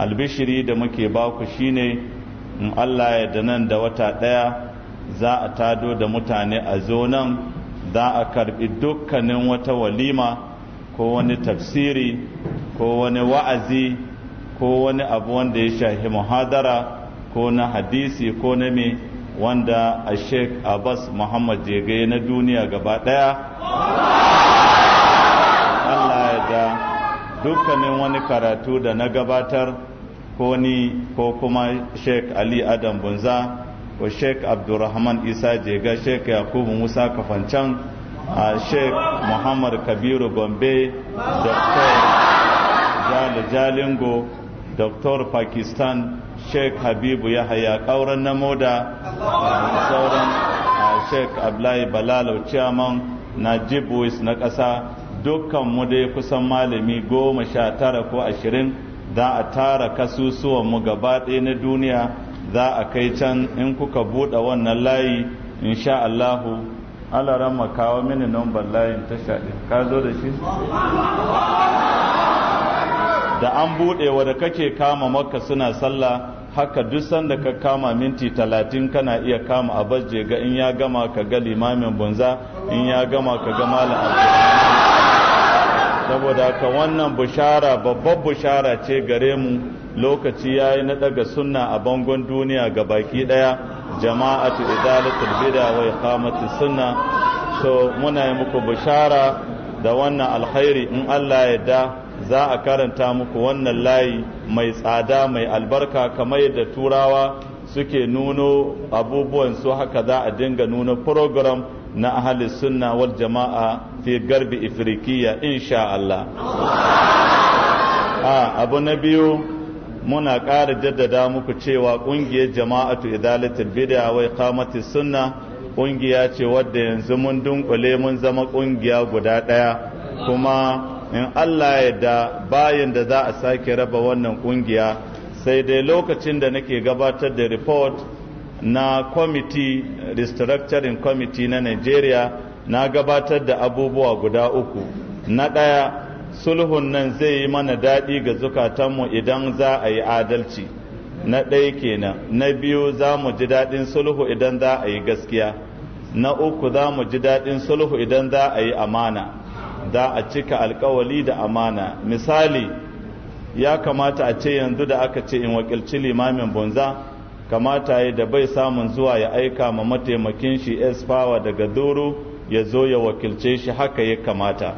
Speaker 4: albishiri da muke baku shine in Allah ya da nan da wata ɗaya za a tado da mutane a zo nan za a karɓi dukkanin wata walima ko wani tafsiri ko wani wa'azi ko wani abu wanda ya shahi muhadara ko na hadisi ko na me wanda a sheik abbas muhammad jege na duniya gaba ɗaya Allah ya da dukkanin wani karatu da na gabatar ko ni ko kuma sheikh ali adam bunza ko sheikh abdurrahman isa jega sheikh yakubu musa kafancan a sheikh muhammad kabiru gombe dr jale jalingo dr pakistan sheikh habibu yahaya kauran na moda sauran a sheikh abdullahi balalo chairman najib na ƙasa dukkan mu dai kusan malami goma sha tara ko ashirin za a tara kasusuwanmu gaba ɗaya na duniya za a kai can in kuka buɗe wannan layi insha Allahu alaran makawa mini layin ta shaɗi ka zo da shi
Speaker 5: da an buɗe
Speaker 4: wa da kake kama maka suna sallah haka duk sanda ka kama minti talatin kana iya kama a bajje ga in ya gama ka ga limamin bunza in ya gama ka ga malam saboda haka wannan bushara babbar bushara ce gare mu lokaci ya yi na daga sunna a bangon duniya ga baki daya jama'atu idalatul bid'a wa kamata sunna so muna yi muku bushara da wannan alkhairi in Allah ya da za a karanta muku wannan layi mai tsada mai albarka kamar yadda turawa suke nuno abubuwan su haka za a dinga nuna program na ahalin sunna wal jama'a fi garbi ifrikiya insha Allah a ah, abu na biyu muna ƙara jaddada muku cewa ƙungiyar jama'atu idalatul bid'a wa iqamati sunna ƙungiya ce wadda yanzu mun dunkule mun zama ƙungiya guda ɗaya kuma in Allah ya da bayan da za a sake raba wannan ƙungiya sai dai lokacin da nake gabatar da report na kwamiti restructuring committee na nigeria na gabatar da abubuwa guda uku na ɗaya sulhun nan zai yi mana daɗi ga zukatanmu idan za a yi adalci na ɗaya kenan na biyu za mu ji daɗin sulhu idan za a yi gaskiya na uku za mu ji daɗin sulhu idan za a yi amana za a cika alkawali da amana misali ya kamata a ce yanzu da aka ce in wakilci limamin bonza. kamata ya da bai samun zuwa ya aika ma mataimakin shi power daga doro ya zo ya wakilce shi haka ya kamata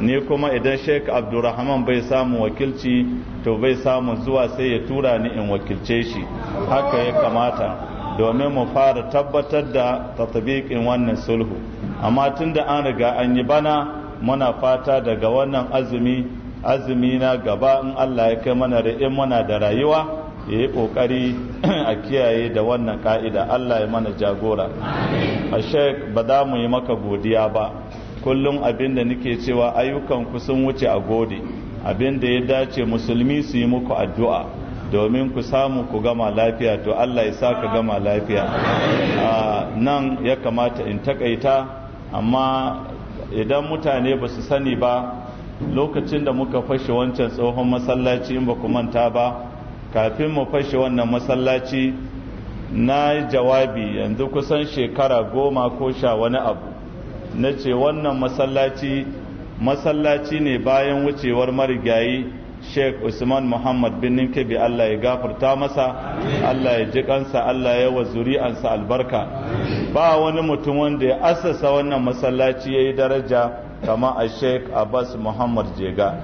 Speaker 4: ni kuma idan sheik abdurrahman bai samu wakilci to bai samu zuwa sai ya tura ni in wakilce shi haka ya kamata domin mu fara tabbatar da tatabikin wannan sulhu amma tun da an riga an yi bana muna fata daga wannan azumi azumi na gaba in allah ya kai mana ra'in muna da rayuwa ya yi ƙoƙari a kiyaye da wannan ƙa'ida Allah ya mana jagora a sheik ba za mu yi maka godiya ba kullum abin da nake cewa ayyukanku sun wuce a gode abin da ya dace musulmi su yi muku addu'a domin ku samu ku gama lafiya to Allah ya sa ka gama lafiya nan ya kamata in takaita amma idan mutane ba su sani ba lokacin da muka fashe wancan tsohon masallaci in ba ku manta ba kafin mu fashe wannan masallaci na jawabi yanzu kusan shekara goma ko sha wani abu na ce wannan masallaci masallaci ne bayan wucewar marigayi sheikh usman muhammad bin kebe allah ya gafarta masa allah ya ji kansa allah ya wa zuri'ansa albarka ba wani mutum wanda ya asasa wannan masallaci ya yi daraja kama a sheikh abbas muhammad jega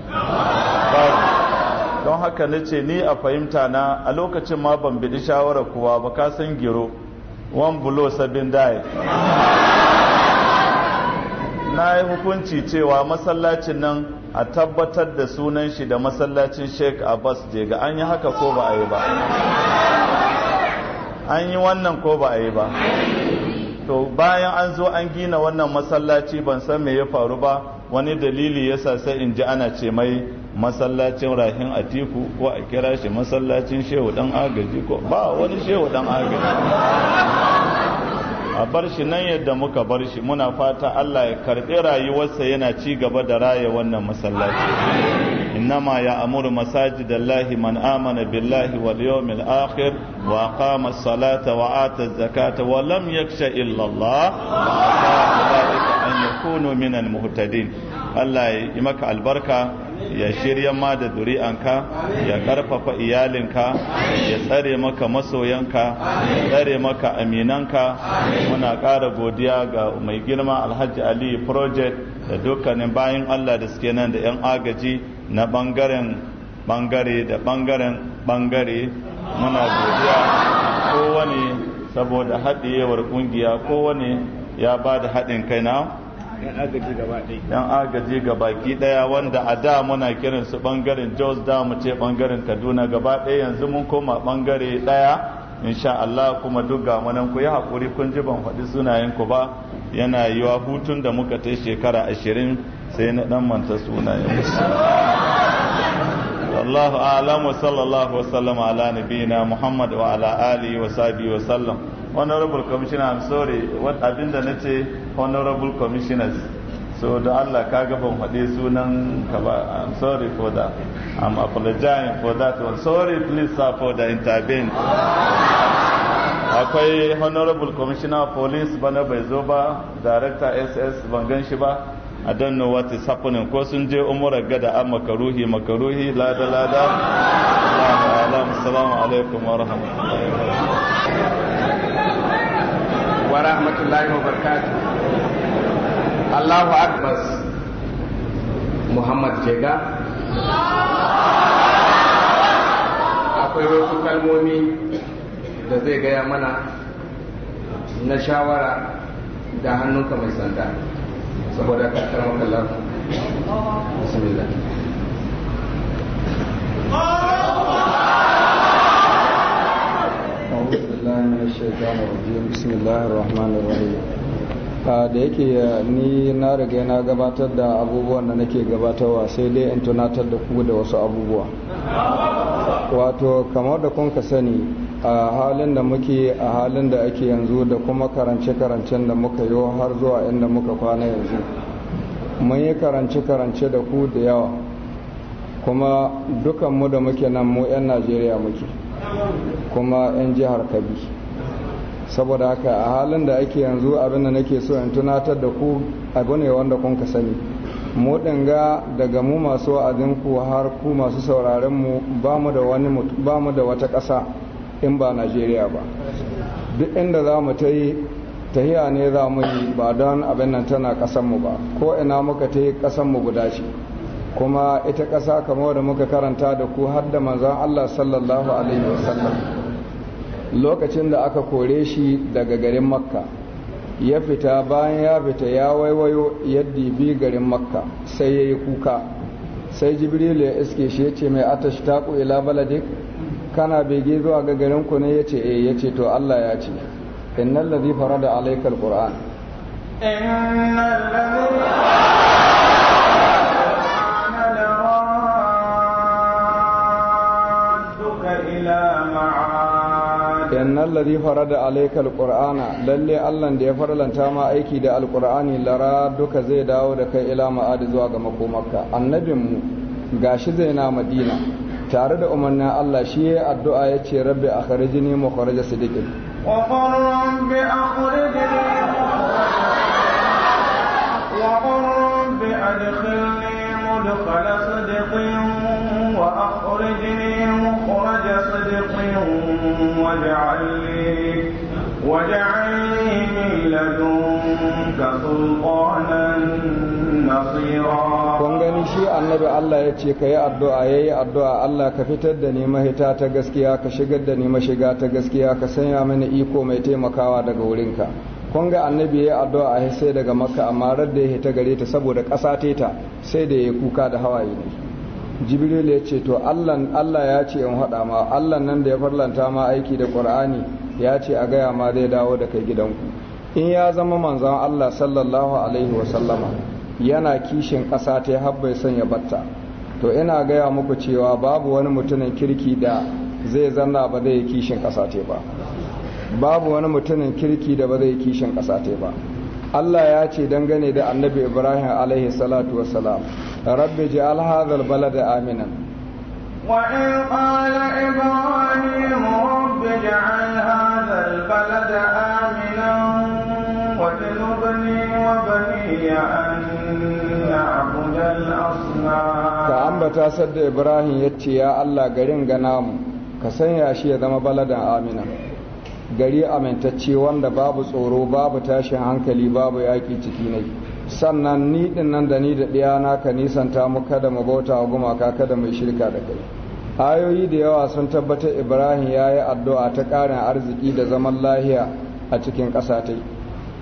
Speaker 4: don haka na ce ni a fahimta na a lokacin ma ban biɗi shawarar kuwa ba ka san gero one bulo sabin dai na yi hukunci cewa masallacin nan a tabbatar da sunan shi da masallacin sheik abbas je ga an yi haka ko ba a yi ba an yi wannan ko ba a yi ba to bayan an zo an gina wannan masallaci ban san me ya faru ba wani dalili yasa sai in ji ana ce mai masallacin rahin atiku ko a kira shi masallacin shehu dan agaji ko ba wani shehu dan agaji a bar shi nan yadda muka bar shi muna fata Allah ya karɓi rayuwarsa yana ci gaba da raya wannan masallaci innama ya amuru masajidallahi man amana billahi wal yawmil akhir wa aqama as-salata wa ata az-zakata wa lam yakhsha illa Allah
Speaker 5: wa
Speaker 4: an yakunu minal muhtadin Allah ya yi maka albarka ya shirya ma da duri'anka ya karfafa iyalinka ya tsare maka masoyanka ya tsare maka aminanka muna ƙara godiya ga mai girma alhaji ali project da dukkanin bayan Allah da suke nan da 'yan agaji na bangaren bangare da bangaren bangare muna godiya kowane saboda haɗiyewar ƙungiya kowane ya ba da haɗin kai na yan agaji ga baki daya wanda a da muna kiran su bangaren jos da mu ce bangaren kaduna gaba daya yanzu mun koma bangare daya insha Allah kuma duk ga munan ku yi hakuri kun ji ban faɗi sunayen ku ba yana yiwa hutun da muka ta shekara ashirin sai na dan manta sunayen Allahu a'lam wa sallallahu wa sallama ala nabiyina Muhammad wa ala alihi wa sahbihi wa sallam honorable commissioner I'm sorry what abinda nace honorable commissioners so da Allah ka ga ban faɗe sunan ka ba I'm sorry for that I'm apologizing for that one sorry please sir for the intervene akwai honorable commissioner police bana bai zo ba director SS ban gan shi ba I don't know what is happening ko sun je umura gada a makaruhi makaruhi lada lada Assalamu alaikum wa rahmatullahi
Speaker 3: wa rahmatullahi wa barakatuh Allahu akbar Muhammad Jega akwai wasu kalmomi da zai gaya mana na shawara da hannunka mai sanda saboda ka kara makallar bismillah
Speaker 1: بسم الله الرحمن الرحيم da yake eh, ni na riga na gabatar da abubuwan da nake gabatarwa sai dai in tunatar da ku da wasu abubuwa wato kamar da kun ka sani a halin da muke a halin da ake yanzu da kuma karance-karancen da muka yi har zuwa inda muka kwana yanzu mun yi karance-karance da ku da yawa kuma dukanmu da muke nan mu 'yan najeriya muke kuma 'yan jihar kabi saboda haka a halin da ake yanzu abinda nake so in tunatar da ku abu ne wanda kun ka sani mu ga daga mu masu wa'azinku har ku masu sauraron mu ba mu da wata ƙasa in ba najeriya ba duk inda za mu ta yi tahiya ne za mu yi ba don abin nan tana kasanmu ba ko ina muka ta yi kasanmu guda ce kuma ita ƙasa kamar da muka karanta da ku har da manzon allah sallallahu alaihi wasallam lokacin da aka kore shi daga garin makka ya fita bayan ya fita ya waiwayo yadda bi garin makka sai ya yi kuka sai jibrilu ya iske shi ya ce mai atashi taku ila baladik kana bege zuwa ga garin ku ne yace eh yace to Allah ya ce innal ladhi farada alayka alquran innal ladhi innan farada fara da lalle Allah da ya farlanta ma aiki da alqur'ani lara duka zai dawo da kai ila ma'adi zuwa ga makomarka annabinmu gashi zai na madina tare da umarnin Allah shi ya addu'a ya ce rabbi a khariji ne mu kharija sadiqin
Speaker 2: وقل رب أخرجني وقل رب أدخلني مدخل صدق وأخرجني مخرج صدق واجعل لي واجعل لي من لدنك
Speaker 1: سلطانا نصيرا kun gani shi annabi Allah ya ce ka yi addu'a ya yi addu'a Allah ka fitar da ni mahita ta gaskiya ka shigar da ni mashiga ta gaskiya ka sanya mana iko mai taimakawa daga wurinka kun ga annabi ya yi addu'a a sai daga makka amma da ya hita gare ta saboda ƙasa ta sai da ya kuka da hawaye ne jibril ya ce to allah ya ce in haɗa ma allah nan da ya farlanta ma aiki da ƙur'ani ya ce a gaya ma zai dawo da kai gidanku in ya zama manzon allah sallallahu alaihi wa sallama. yana kishin ƙasa ta har sanya son ya batta to ina gaya muku cewa babu wani mutumin kirki da zai zanna ba zai kishin ƙasa ta ba babu wani mutumin kirki da ba zai kishin ƙasa ta ba Allah ya ce dangane da annabi Ibrahim alaihi salatu wassalam rabbi ji'al hadhal balada aminan
Speaker 2: وإن قال إبراهيم رب اجعل هذا البلد آمنا واجنبني وبني أن ta ibrahim ya
Speaker 1: ya ya ya garin garin ganamu ka sanya shi ya zama baladan Amina, gari amintacce wanda babu tsoro babu tashin hankali babu yaƙi ciki ne sannan ni din nan da ni da ɗiyana ka nisanta mu kada mu bauta wa gumaka kada mai shirka da kai ayoyi da yawa sun tabbatar ibrahim ya yi addu'a ta ƙarin arziki da zaman lahiya a cikin ƙasa ta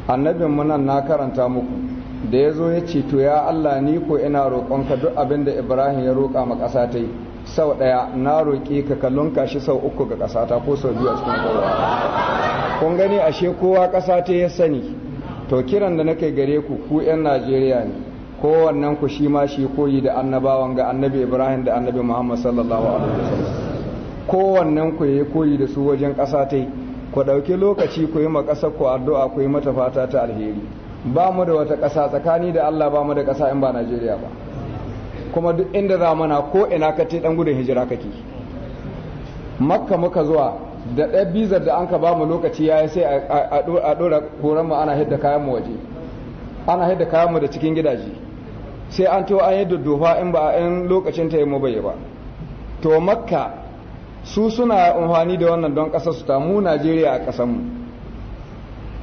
Speaker 1: annabin mu nan na karanta muku da ya zo ya ce to ya Allah ni ko ina roƙonka duk abin da Ibrahim ya roƙa ma ƙasa ta yi sau ɗaya na roƙi ka kallon kashi sau uku ga ƙasa ta ko sau biyu a cikin kowa kun gani ashe kowa ƙasa ta ya sani to kiran da na kai gare ku ku ƴan Najeriya ne kowannen ku shi ma shi koyi da annabawan ga annabi Ibrahim da annabi Muhammad sallallahu alaihi wasallam kowannen ku yayi koyi da su wajen ƙasa ta ku ɗauki lokaci ku yi ma ƙasar ku addu'a ku yi mata fata ta alheri ba mu da wata ƙasa tsakani da Allah ba mu da ƙasa in ba Najeriya ba kuma duk inda za mana ko ina ka ce ɗan gudun hijira kake makka muka zuwa da ɗaya bizar da an ka ba mu lokaci yi, sai a ɗora koran mu ana hidda kayan mu waje ana hidda kayan mu da cikin gidaje sai an to an yi duddufa in ba in lokacin ta yi mu bai ba to makka su suna amfani da wannan don ƙasar su ta mu Najeriya a ƙasar mu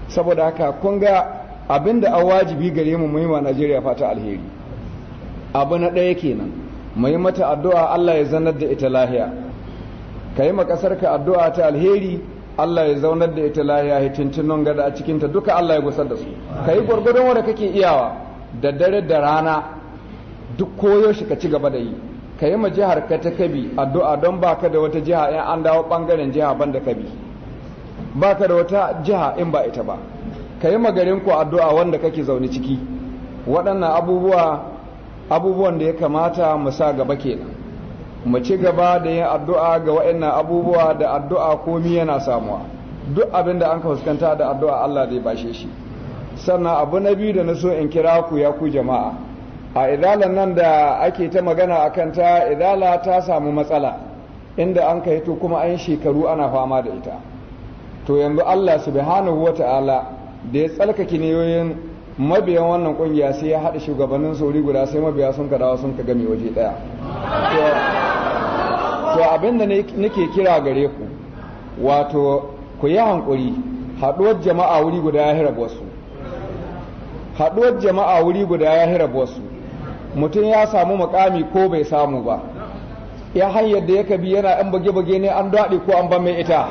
Speaker 1: saboda haka kun ga abinda an wajibi gare mu mu yi wa Najeriya fata alheri abu na ɗaya kenan mu mata addu'a Allah ya zanar da ita lahiya ka yi ma ƙasar ka addu'a ta alheri Allah ya zaunar da ita lahiya hitintinon gada a cikinta duka Allah ya gusar da su ka yi gwargwadon wanda kake iyawa da dare da rana duk koyo shi ka ci gaba da yi ka yi ma jihar ka ta kabi addu'a don ba ka da wata jiha in an dawo bangaren jiha ban da kabi ba ka da wata jiha in ba ita ba ka yi ku addu'a wanda kake zaune ciki waɗannan abubuwa abubuwan da ya kamata mu sa gaba kenan mu ci gaba da yin addu'a ga waɗannan abubuwa da addu'a komi yana samuwa duk abin da an ka fuskanta da addu'a Allah zai bashe shi sannan abu na biyu da na so in kira ku ya ku jama'a a idalan nan da ake ta magana a kanta idala ta samu matsala inda an ka to kuma an shekaru ana fama da ita to yanzu Allah subhanahu wa ta'ala da ya tsalkake niyoyin mabiyan wannan kungiya sai ya haɗa shugabannin sauri guda sai mabiya sun ka dawo sun ka gami waje ɗaya to abin da nake kira gare ku wato ku yi hankuri haɗuwar jama'a wuri guda ya hira wasu haɗuwar jama'a wuri guda ya hira wasu mutum ya samu mukami ko bai samu ba ya hanyar da ya kabi yana ɗan bage-bage ne an daɗe ko an ban mai ita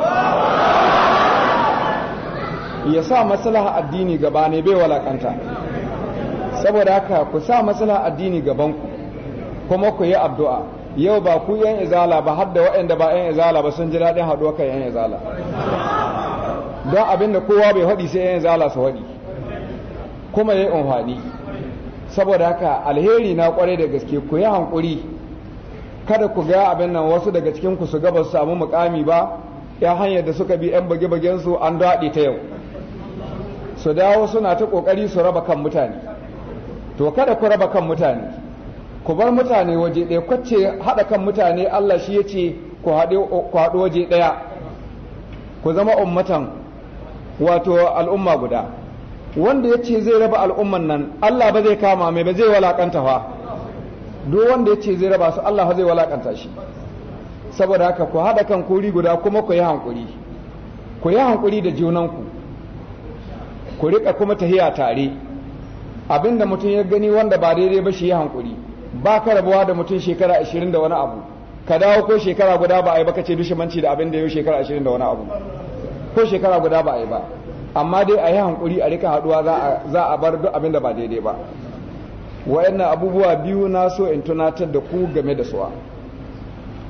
Speaker 1: ya sa maslaha addini gaba ne bai walakanta saboda haka ku sa maslaha addini gabanku kuma ku yi addu'a yau ba ku yan izala ba har da waɗanda ba yan izala ba sun ji daɗin haɗuwa kan yan izala don abin da kowa bai haɗi sai yan izala su haɗi kuma ya yi umfani saboda haka alheri na kwarai da gaske ku yi hankuri kada ku ga abin nan wasu daga cikin ku su gaba su samu mukami ba ya hanyar da suka bi yan bage-bagen su an daɗe ta yau su dawo suna ta ƙoƙari su raba kan mutane to kada ku raba kan mutane ku bar mutane waje ɗaya kwace haɗa kan mutane Allah shi ya ce ku haɗu waje ɗaya ku zama ummatan wato al'umma guda wanda ya ce zai raba al'umman nan Allah ba zai kama mai ba zai walakanta fa duk wanda ya ce zai raba su Allah zai walakanta shi saboda haka ku haɗa kan kuri guda kuma ku yi hankuri ku yi hankuri da junanku ku rika kuma tahiya tare abinda mutum ya gani wanda ba daidai ba shi ya hankuri ba ka rabuwa da mutum shekara ashirin da wani abu ka dawo ko shekara guda ba a yi ba ka ce dushimanci da abin da yau shekara ashirin da wani abu ko shekara guda ba a yi ba amma dai a yi hankuri a rika haduwa za a bar duk abin da ba daidai ba wa'annan abubuwa biyu na so in tunatar da ku game da suwa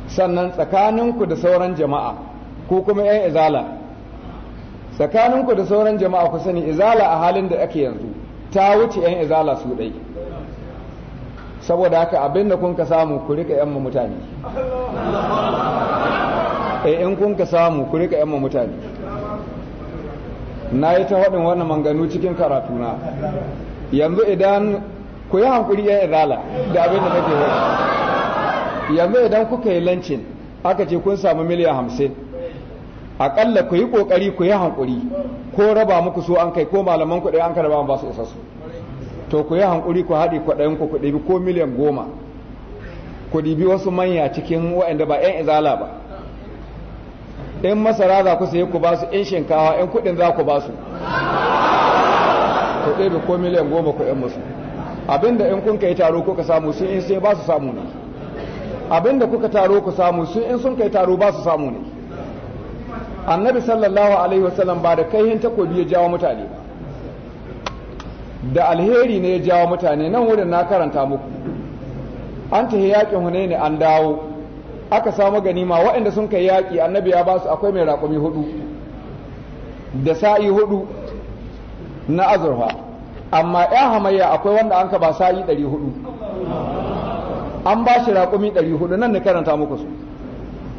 Speaker 1: sannan tsakaninku da sauran jama'a ko kuma 'yan izala tsakaninku da sauran jama'a ku sani izala a halin da ake yanzu ta wuce 'yan izala su ɗai saboda haka abin da kun ka samu ku rika 'yan mutane eh, in kun ka samu ku rika 'yan mutane na yi ta haɗin wannan manganu cikin karatuna yanzu idan ku yi hankuri 'yan izala da abin da nake yanzu idan kuka yi lancin aka ce kun samu miliyan hamsin aƙalla ku yi ƙoƙari ku yi hankuri ko raba muku so an kai ko malaman kuɗi an ka ba su isa su to ku yi hankuri ku haɗi kuɗayen ku ku ɗibi ko miliyan goma ku ɗibi wasu manya cikin waɗanda ba 'yan izala ba in masara za ku sayi ku ba su in shinkawa in kuɗin za ku ba su ku ɗabi ko miliyan goma ku ‘yan musu abinda in kun kai taro kuka samu sun in sai ba su samu ne abinda kuka taro ku samu sun in sun kai taro ba su samu ne annabi sallallahu alaihi wasallam ba da kaihin takobi ya jawo mutane ba da alheri ne ya jawo mutane nan wurin na karanta muku an tahi yakin ne an dawo aka samu ganima waɗanda sun kai yaƙi annabi ya ba su akwai mai raƙumi hudu da sa'i hudu na azurfa amma ya hamayya akwai wanda an ka ba sa'i ɗari hudu an ba shi raƙumi ɗari hudu nan na karanta muku su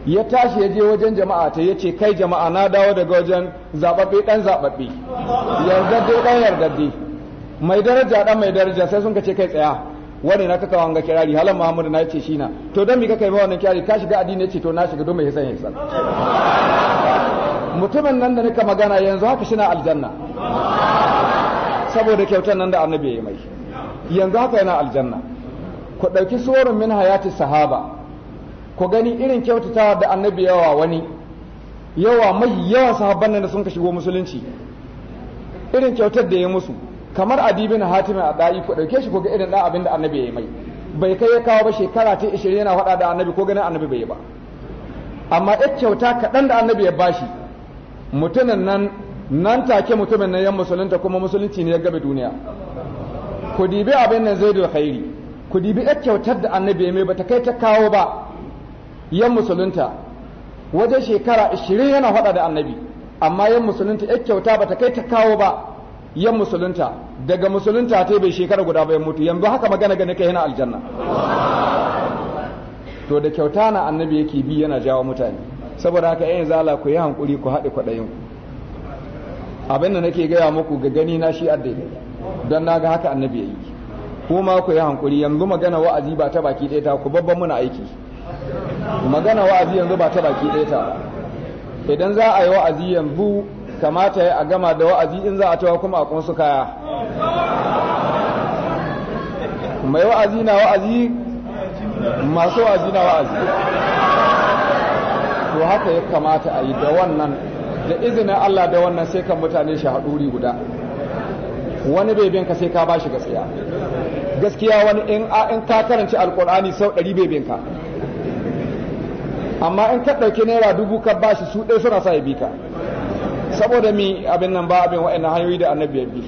Speaker 1: ya tashi ya je wajen jama'a ta ya ce kai jama'a na dawo daga wajen zababbe dan zababbe yardadde dan yardadde mai daraja dan mai daraja sai sun ce kai tsaya wani na kaka wanga kirari halan muhammadu na ce shina to dan mi kaka yi wannan kirari ka shiga addini ya ce to na shiga don mai hisan hisan mutumin nan da nika magana yanzu haka shi na aljanna saboda kyautar nan da annabi ya yi mai yanzu haka yana aljanna ku ɗauki suwarun min hayati sahaba ku gani irin kyautatawa da annabi yawa wani yawa mai yawan sahabban nan da sun ka shigo musulunci irin kyautar da ya musu kamar adibin hatimin a da'i ku dauke shi ku ga irin da abin da annabi ya yi mai bai kai ya kawo ba shekara ta 20 yana faɗa da annabi ko ganin annabi bai yi ba amma ya kyauta kaɗan da annabi ya bashi mutumin nan nan take mutumin nan yan musulunta kuma musulunci ne ya gaba duniya ku dibi abin nan zai da khairi ku dibi ya kyautar da annabi ya mai ba ta kai ta kawo ba yan musulunta wajen shekara 20 yana faɗa da annabi amma yan musulunta ya kyauta bata kai ta kawo ba yan musulunta daga musulunta ta bai shekara guda ba ya mutu yanzu haka magana gane kai yana aljanna to da kyauta na annabi yake bi yana jawo mutane saboda haka yan eh, zala ku yi hankuri ku haɗe kwaɗayin abin da nake gaya muku ga gani na shi addini don na ga haka annabi ya yi ma ku yi hankuri yanzu magana wa'azi ba ta baki ɗaya ta ku babban muna aiki magana wa'azi yanzu ba ta baki ɗaya ta idan za a yi wa'azi yanzu kamata ya a gama da wa'azi in za a tawa kuma a kunsu kaya mai wa'azi na wa'azi masu wa'azi na wa'azi to haka ya kamata a yi da wannan da izinin Allah da wannan sai kan mutane shi haɗuri guda wani bai binka sai ka bashi gaskiya gaskiya wani in ka karanci alƙulani sau ɗari bai binka amma in ka ɗauki naira dubu ka bashi su ɗaya suna sa ya bi ka saboda mi abin nan ba abin wa'annan hanyoyi da annabi ya bi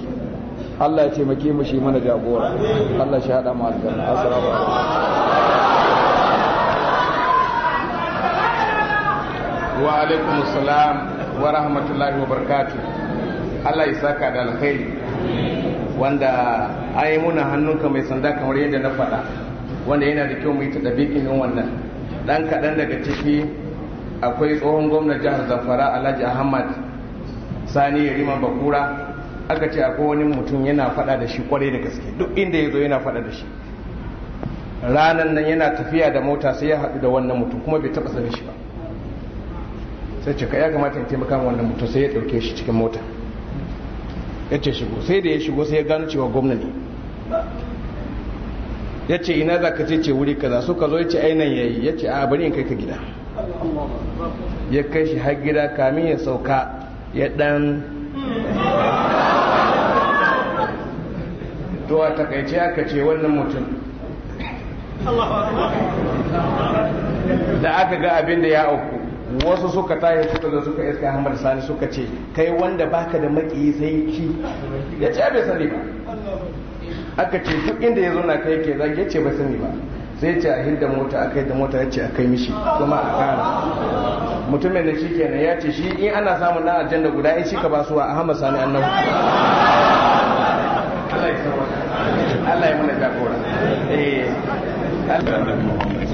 Speaker 1: Allah ya taimake mu shi mana jagora Allah shi hada mu aljanna assalamu alaikum
Speaker 3: wa alaikum assalam wa rahmatullahi wa barakatuh Allah ya saka da alkhairi wanda ayi muna hannunka mai sanda kamar yadda na faɗa wanda yana da kyau mu yi ta dabi'in wannan dan kaɗan daga ciki akwai tsohon gwamnan jihar zamfara alhaji ahmad sani ya bakura aka ce akwai wani mutum yana fada da shi kwarai da gaske duk inda ya zo yana fada da shi ranar nan yana tafiya da mota sai ya haɗu da wannan mutum kuma bai taɓa sanin shi ba sai ce ya kamata in taimaka wannan mutum sai ya ɗauke shi cikin mota ya ce shigo sai da ya shigo sai ya gano cewa gwamna ne ya ce ina za ka ce wuri kaza suka zo ya ce ainihin ya yi ya ce a bari in kai ka gida ya kai shi har gida kamin ya sauka ya dan to a takaice aka ce wannan mutum da aka ga abin da ya auku wasu suka tashi suka zo suka iska hamar sani suka ce kai wanda baka da maki sai ki ya ce abin sani ba aka ce duk inda ya zo na kai ke zagi ce ba sani ba sai ce a hinda mota a kai da mota ya ce a kai mishi kuma a kara mutumin da shi kenan ya ce shi in ana samun na aljanna guda ya shi ka ba su a hama sani annabu Allah ya mana jagora. Eh. Allah ya mana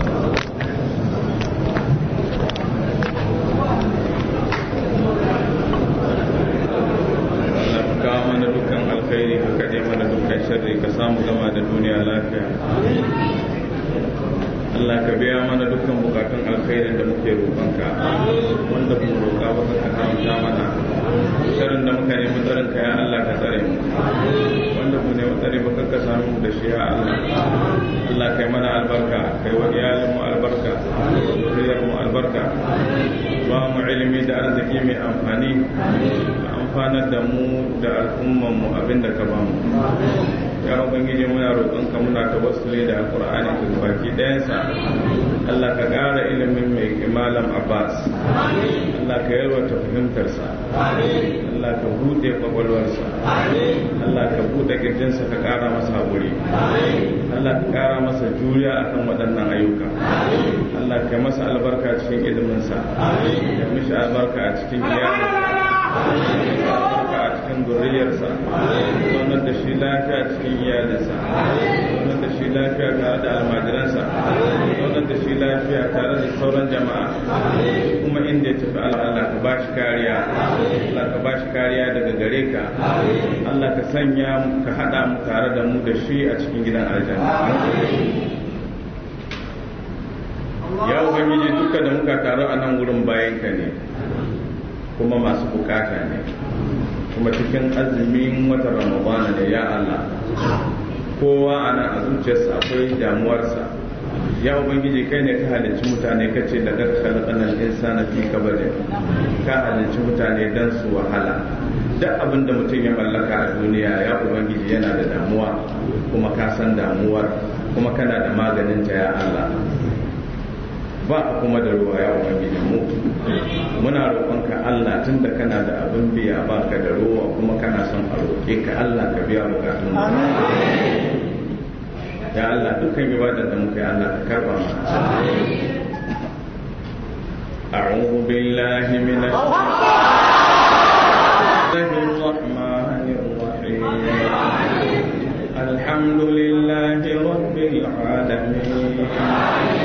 Speaker 2: samu zama da duniya lafiya Allah ka biya mana dukkan bukatun alkhairin da muke roƙonka wanda kuma roƙa ba ka samu mana sharin da muka nemi tsarin ka ya Allah ka tsare mu wanda kuma nemi tsare ba ka samu da shi ya Allah Allah kai mana albarka kai wa iyalin mu albarka zuriyar mu albarka ba mu ilimi da arziki mai amfani amfanar da mu da al'umman mu abinda ka ba mu ya ubangiji muna roƙon ka muna ta wasule da alqur'ani tun baki ɗayansa Allah ka ƙara ilimin mai malam Abbas Allah ka yarwata fahimtarsa Allah ka buɗe kwakwalwarsa Allah ka buɗe kirjinsa ka ƙara masa haƙuri Allah ka ƙara masa juriya akan waɗannan ayyuka Allah ka masa albarka cikin iliminsa Ya mishi albarka a cikin iyalinsa cikin zuriyarsa wannan da shi lafiya cikin iyalinsa wannan da shi lafiya tare da almajiransa wannan da shi lafiya tare da sauran jama'a kuma inda ya tafi Allah ka bashi kariya Allah ka bashi kariya daga gare ka Allah ka sanya mu ka hada mu tare da mu da shi a cikin gidan aljanna ya ubangiji duka da muka taru a nan wurin bayanka ne kuma masu bukata ne kuma cikin azumin wata ramadana ne ya Allah kowa ana zuciyarsa akwai damuwarsa ya ubangiji kai ne ka halicci mutane ka ce daga khalqanal insana fi kabarin? ka halicci
Speaker 3: mutane dan su wahala duk abin da mutum ya mallaka a duniya ya ubangiji yana da damuwa kuma ka san damuwar kuma kana da maganin ta ya Allah ba ka kuma da ruwa ya ubangiji mu muna roƙonka Allah
Speaker 2: tunda da kana da abin biya ba ka da ruwa kuma kana son a roƙe ka Allah ka biya bukatun mu ya Allah dukkan ibadar da muka yi Allah ka karba mu أعوذ بالله من
Speaker 5: الرحمن
Speaker 2: الرحيم الحمد لله رب العالمين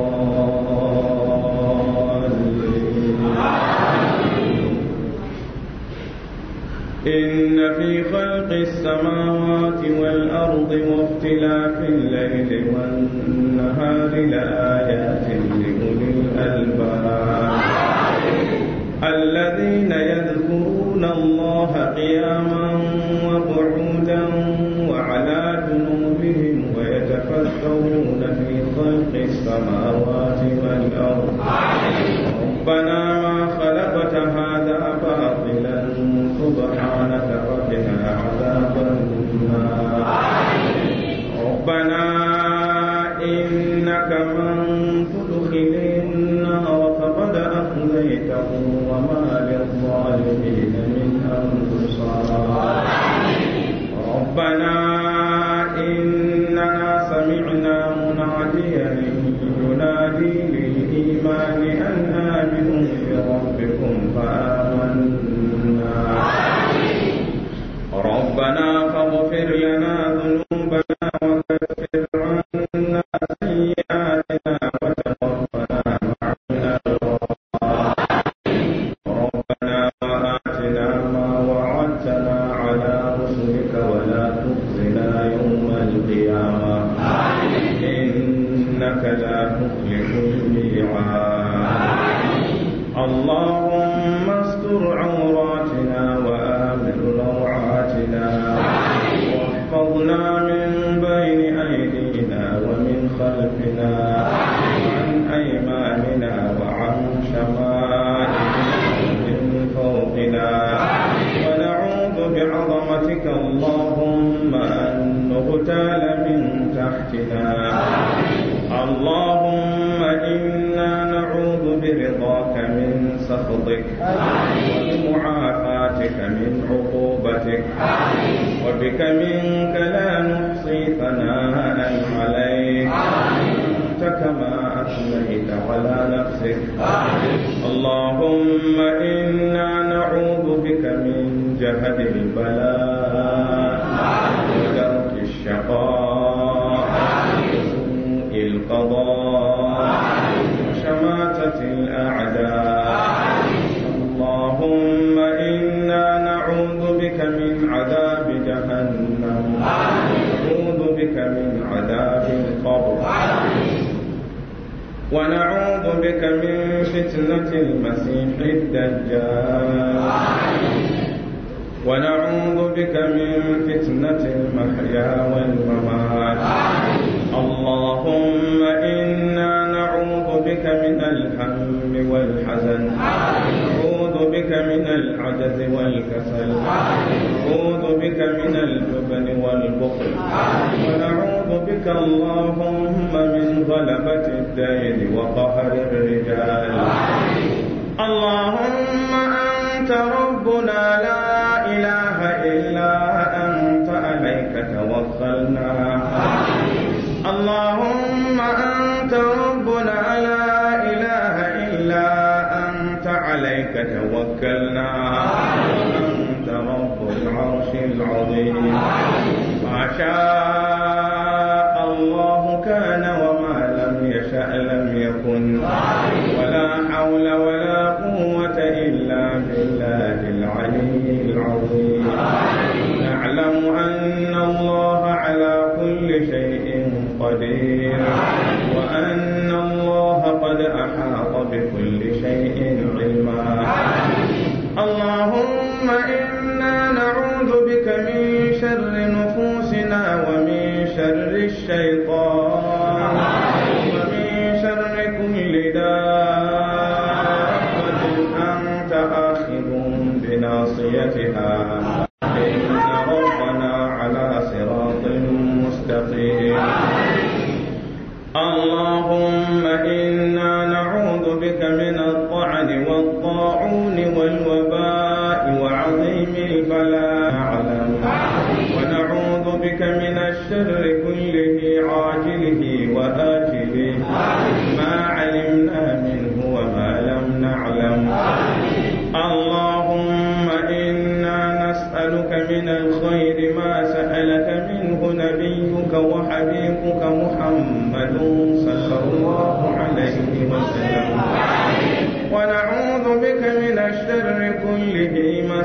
Speaker 2: إن في خلق السماوات والأرض واختلاف الليل والنهار لآيات لأولي الألباب الذين يذكرون الله قياما وقعودا وعلى جنوبهم ويتفكرون في خلق السماوات ربنا فاغفر لنا الهم والحزن أعوذ بك من العجز والكسل أعوذ بك من الجبن والبخل ونعوذ بك اللهم من غلبة الدين وقهر الرجال اللهم أنت ربنا لا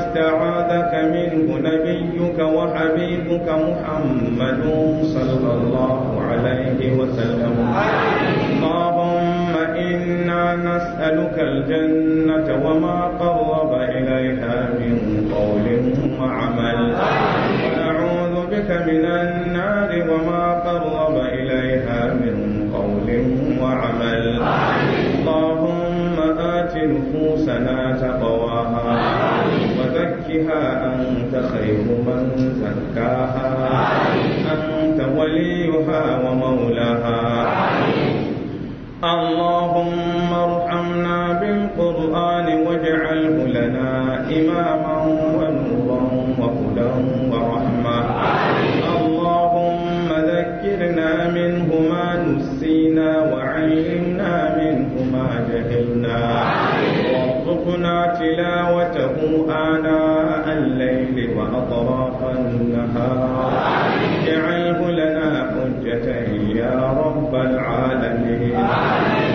Speaker 2: استعاذك منه نبيك وحبيبك محمد صلى الله عليه وسلم اللهم إنا نسألك الجنة وما قرب إليها من قول وعمل ونعوذ بك من النار وما قرب إليها من قول وعمل اللهم آت نفوسنا تقوى فيها أنت خير من زكاها أنت وليها ومولاها اللهم ارحمنا بالقرآن واجعله لنا إماما ومولاها اجعله لنا حجة يا رب العالمين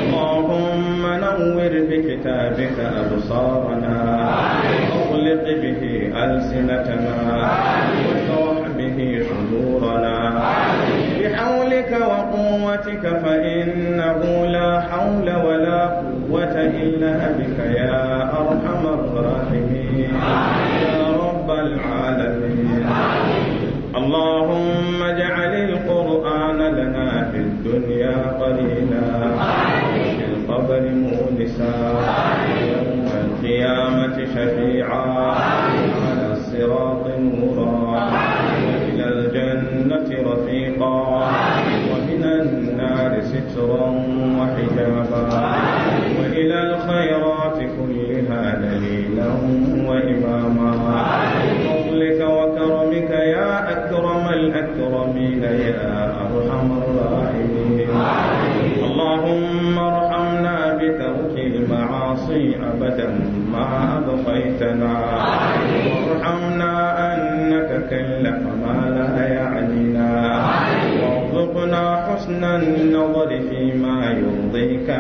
Speaker 2: اللهم نور بكتابك أبصارنا أغلق به ألسنتنا واشرح به صدورنا بحولك وقوتك فإنه لا حول ولا قوة إلا بك يا قليلا في القبر مونسا يوم القيامة شفيعا على الصراط نورا وإلى الجنة رفيقا ومن النار سترا وحجابا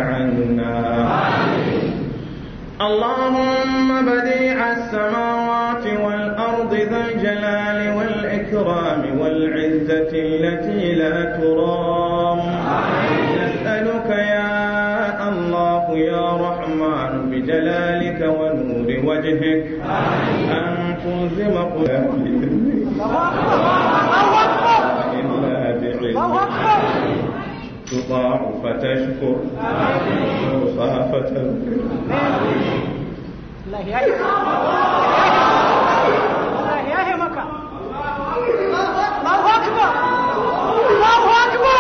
Speaker 2: عنا اللهم بديع السماوات والأرض ذا الجلال والإكرام والعزة التي لا ترام نسألك يا الله يا رحمن بجلالك ونور وجهك أن تلزم قلوبنا تطاع فتشكر توصى كتبت
Speaker 5: الله أكبر الله أكبر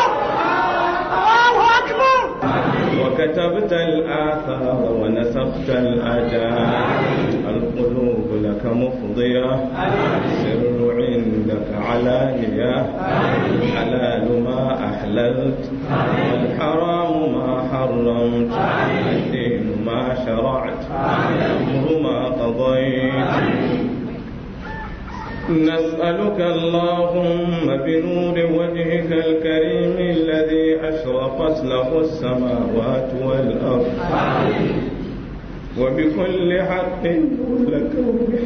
Speaker 5: الله أكبر
Speaker 2: وكتبت الآثار ونسخت الأجال القلوب لك مفضية السر عندك علانية حلال ما أحللت الحرام ما حرمت الدين ما شرعت الأمر ما قضيت نسألك اللهم بنور وجهك الكريم الذي أشرقت له السماوات والأرض وبكل حق لك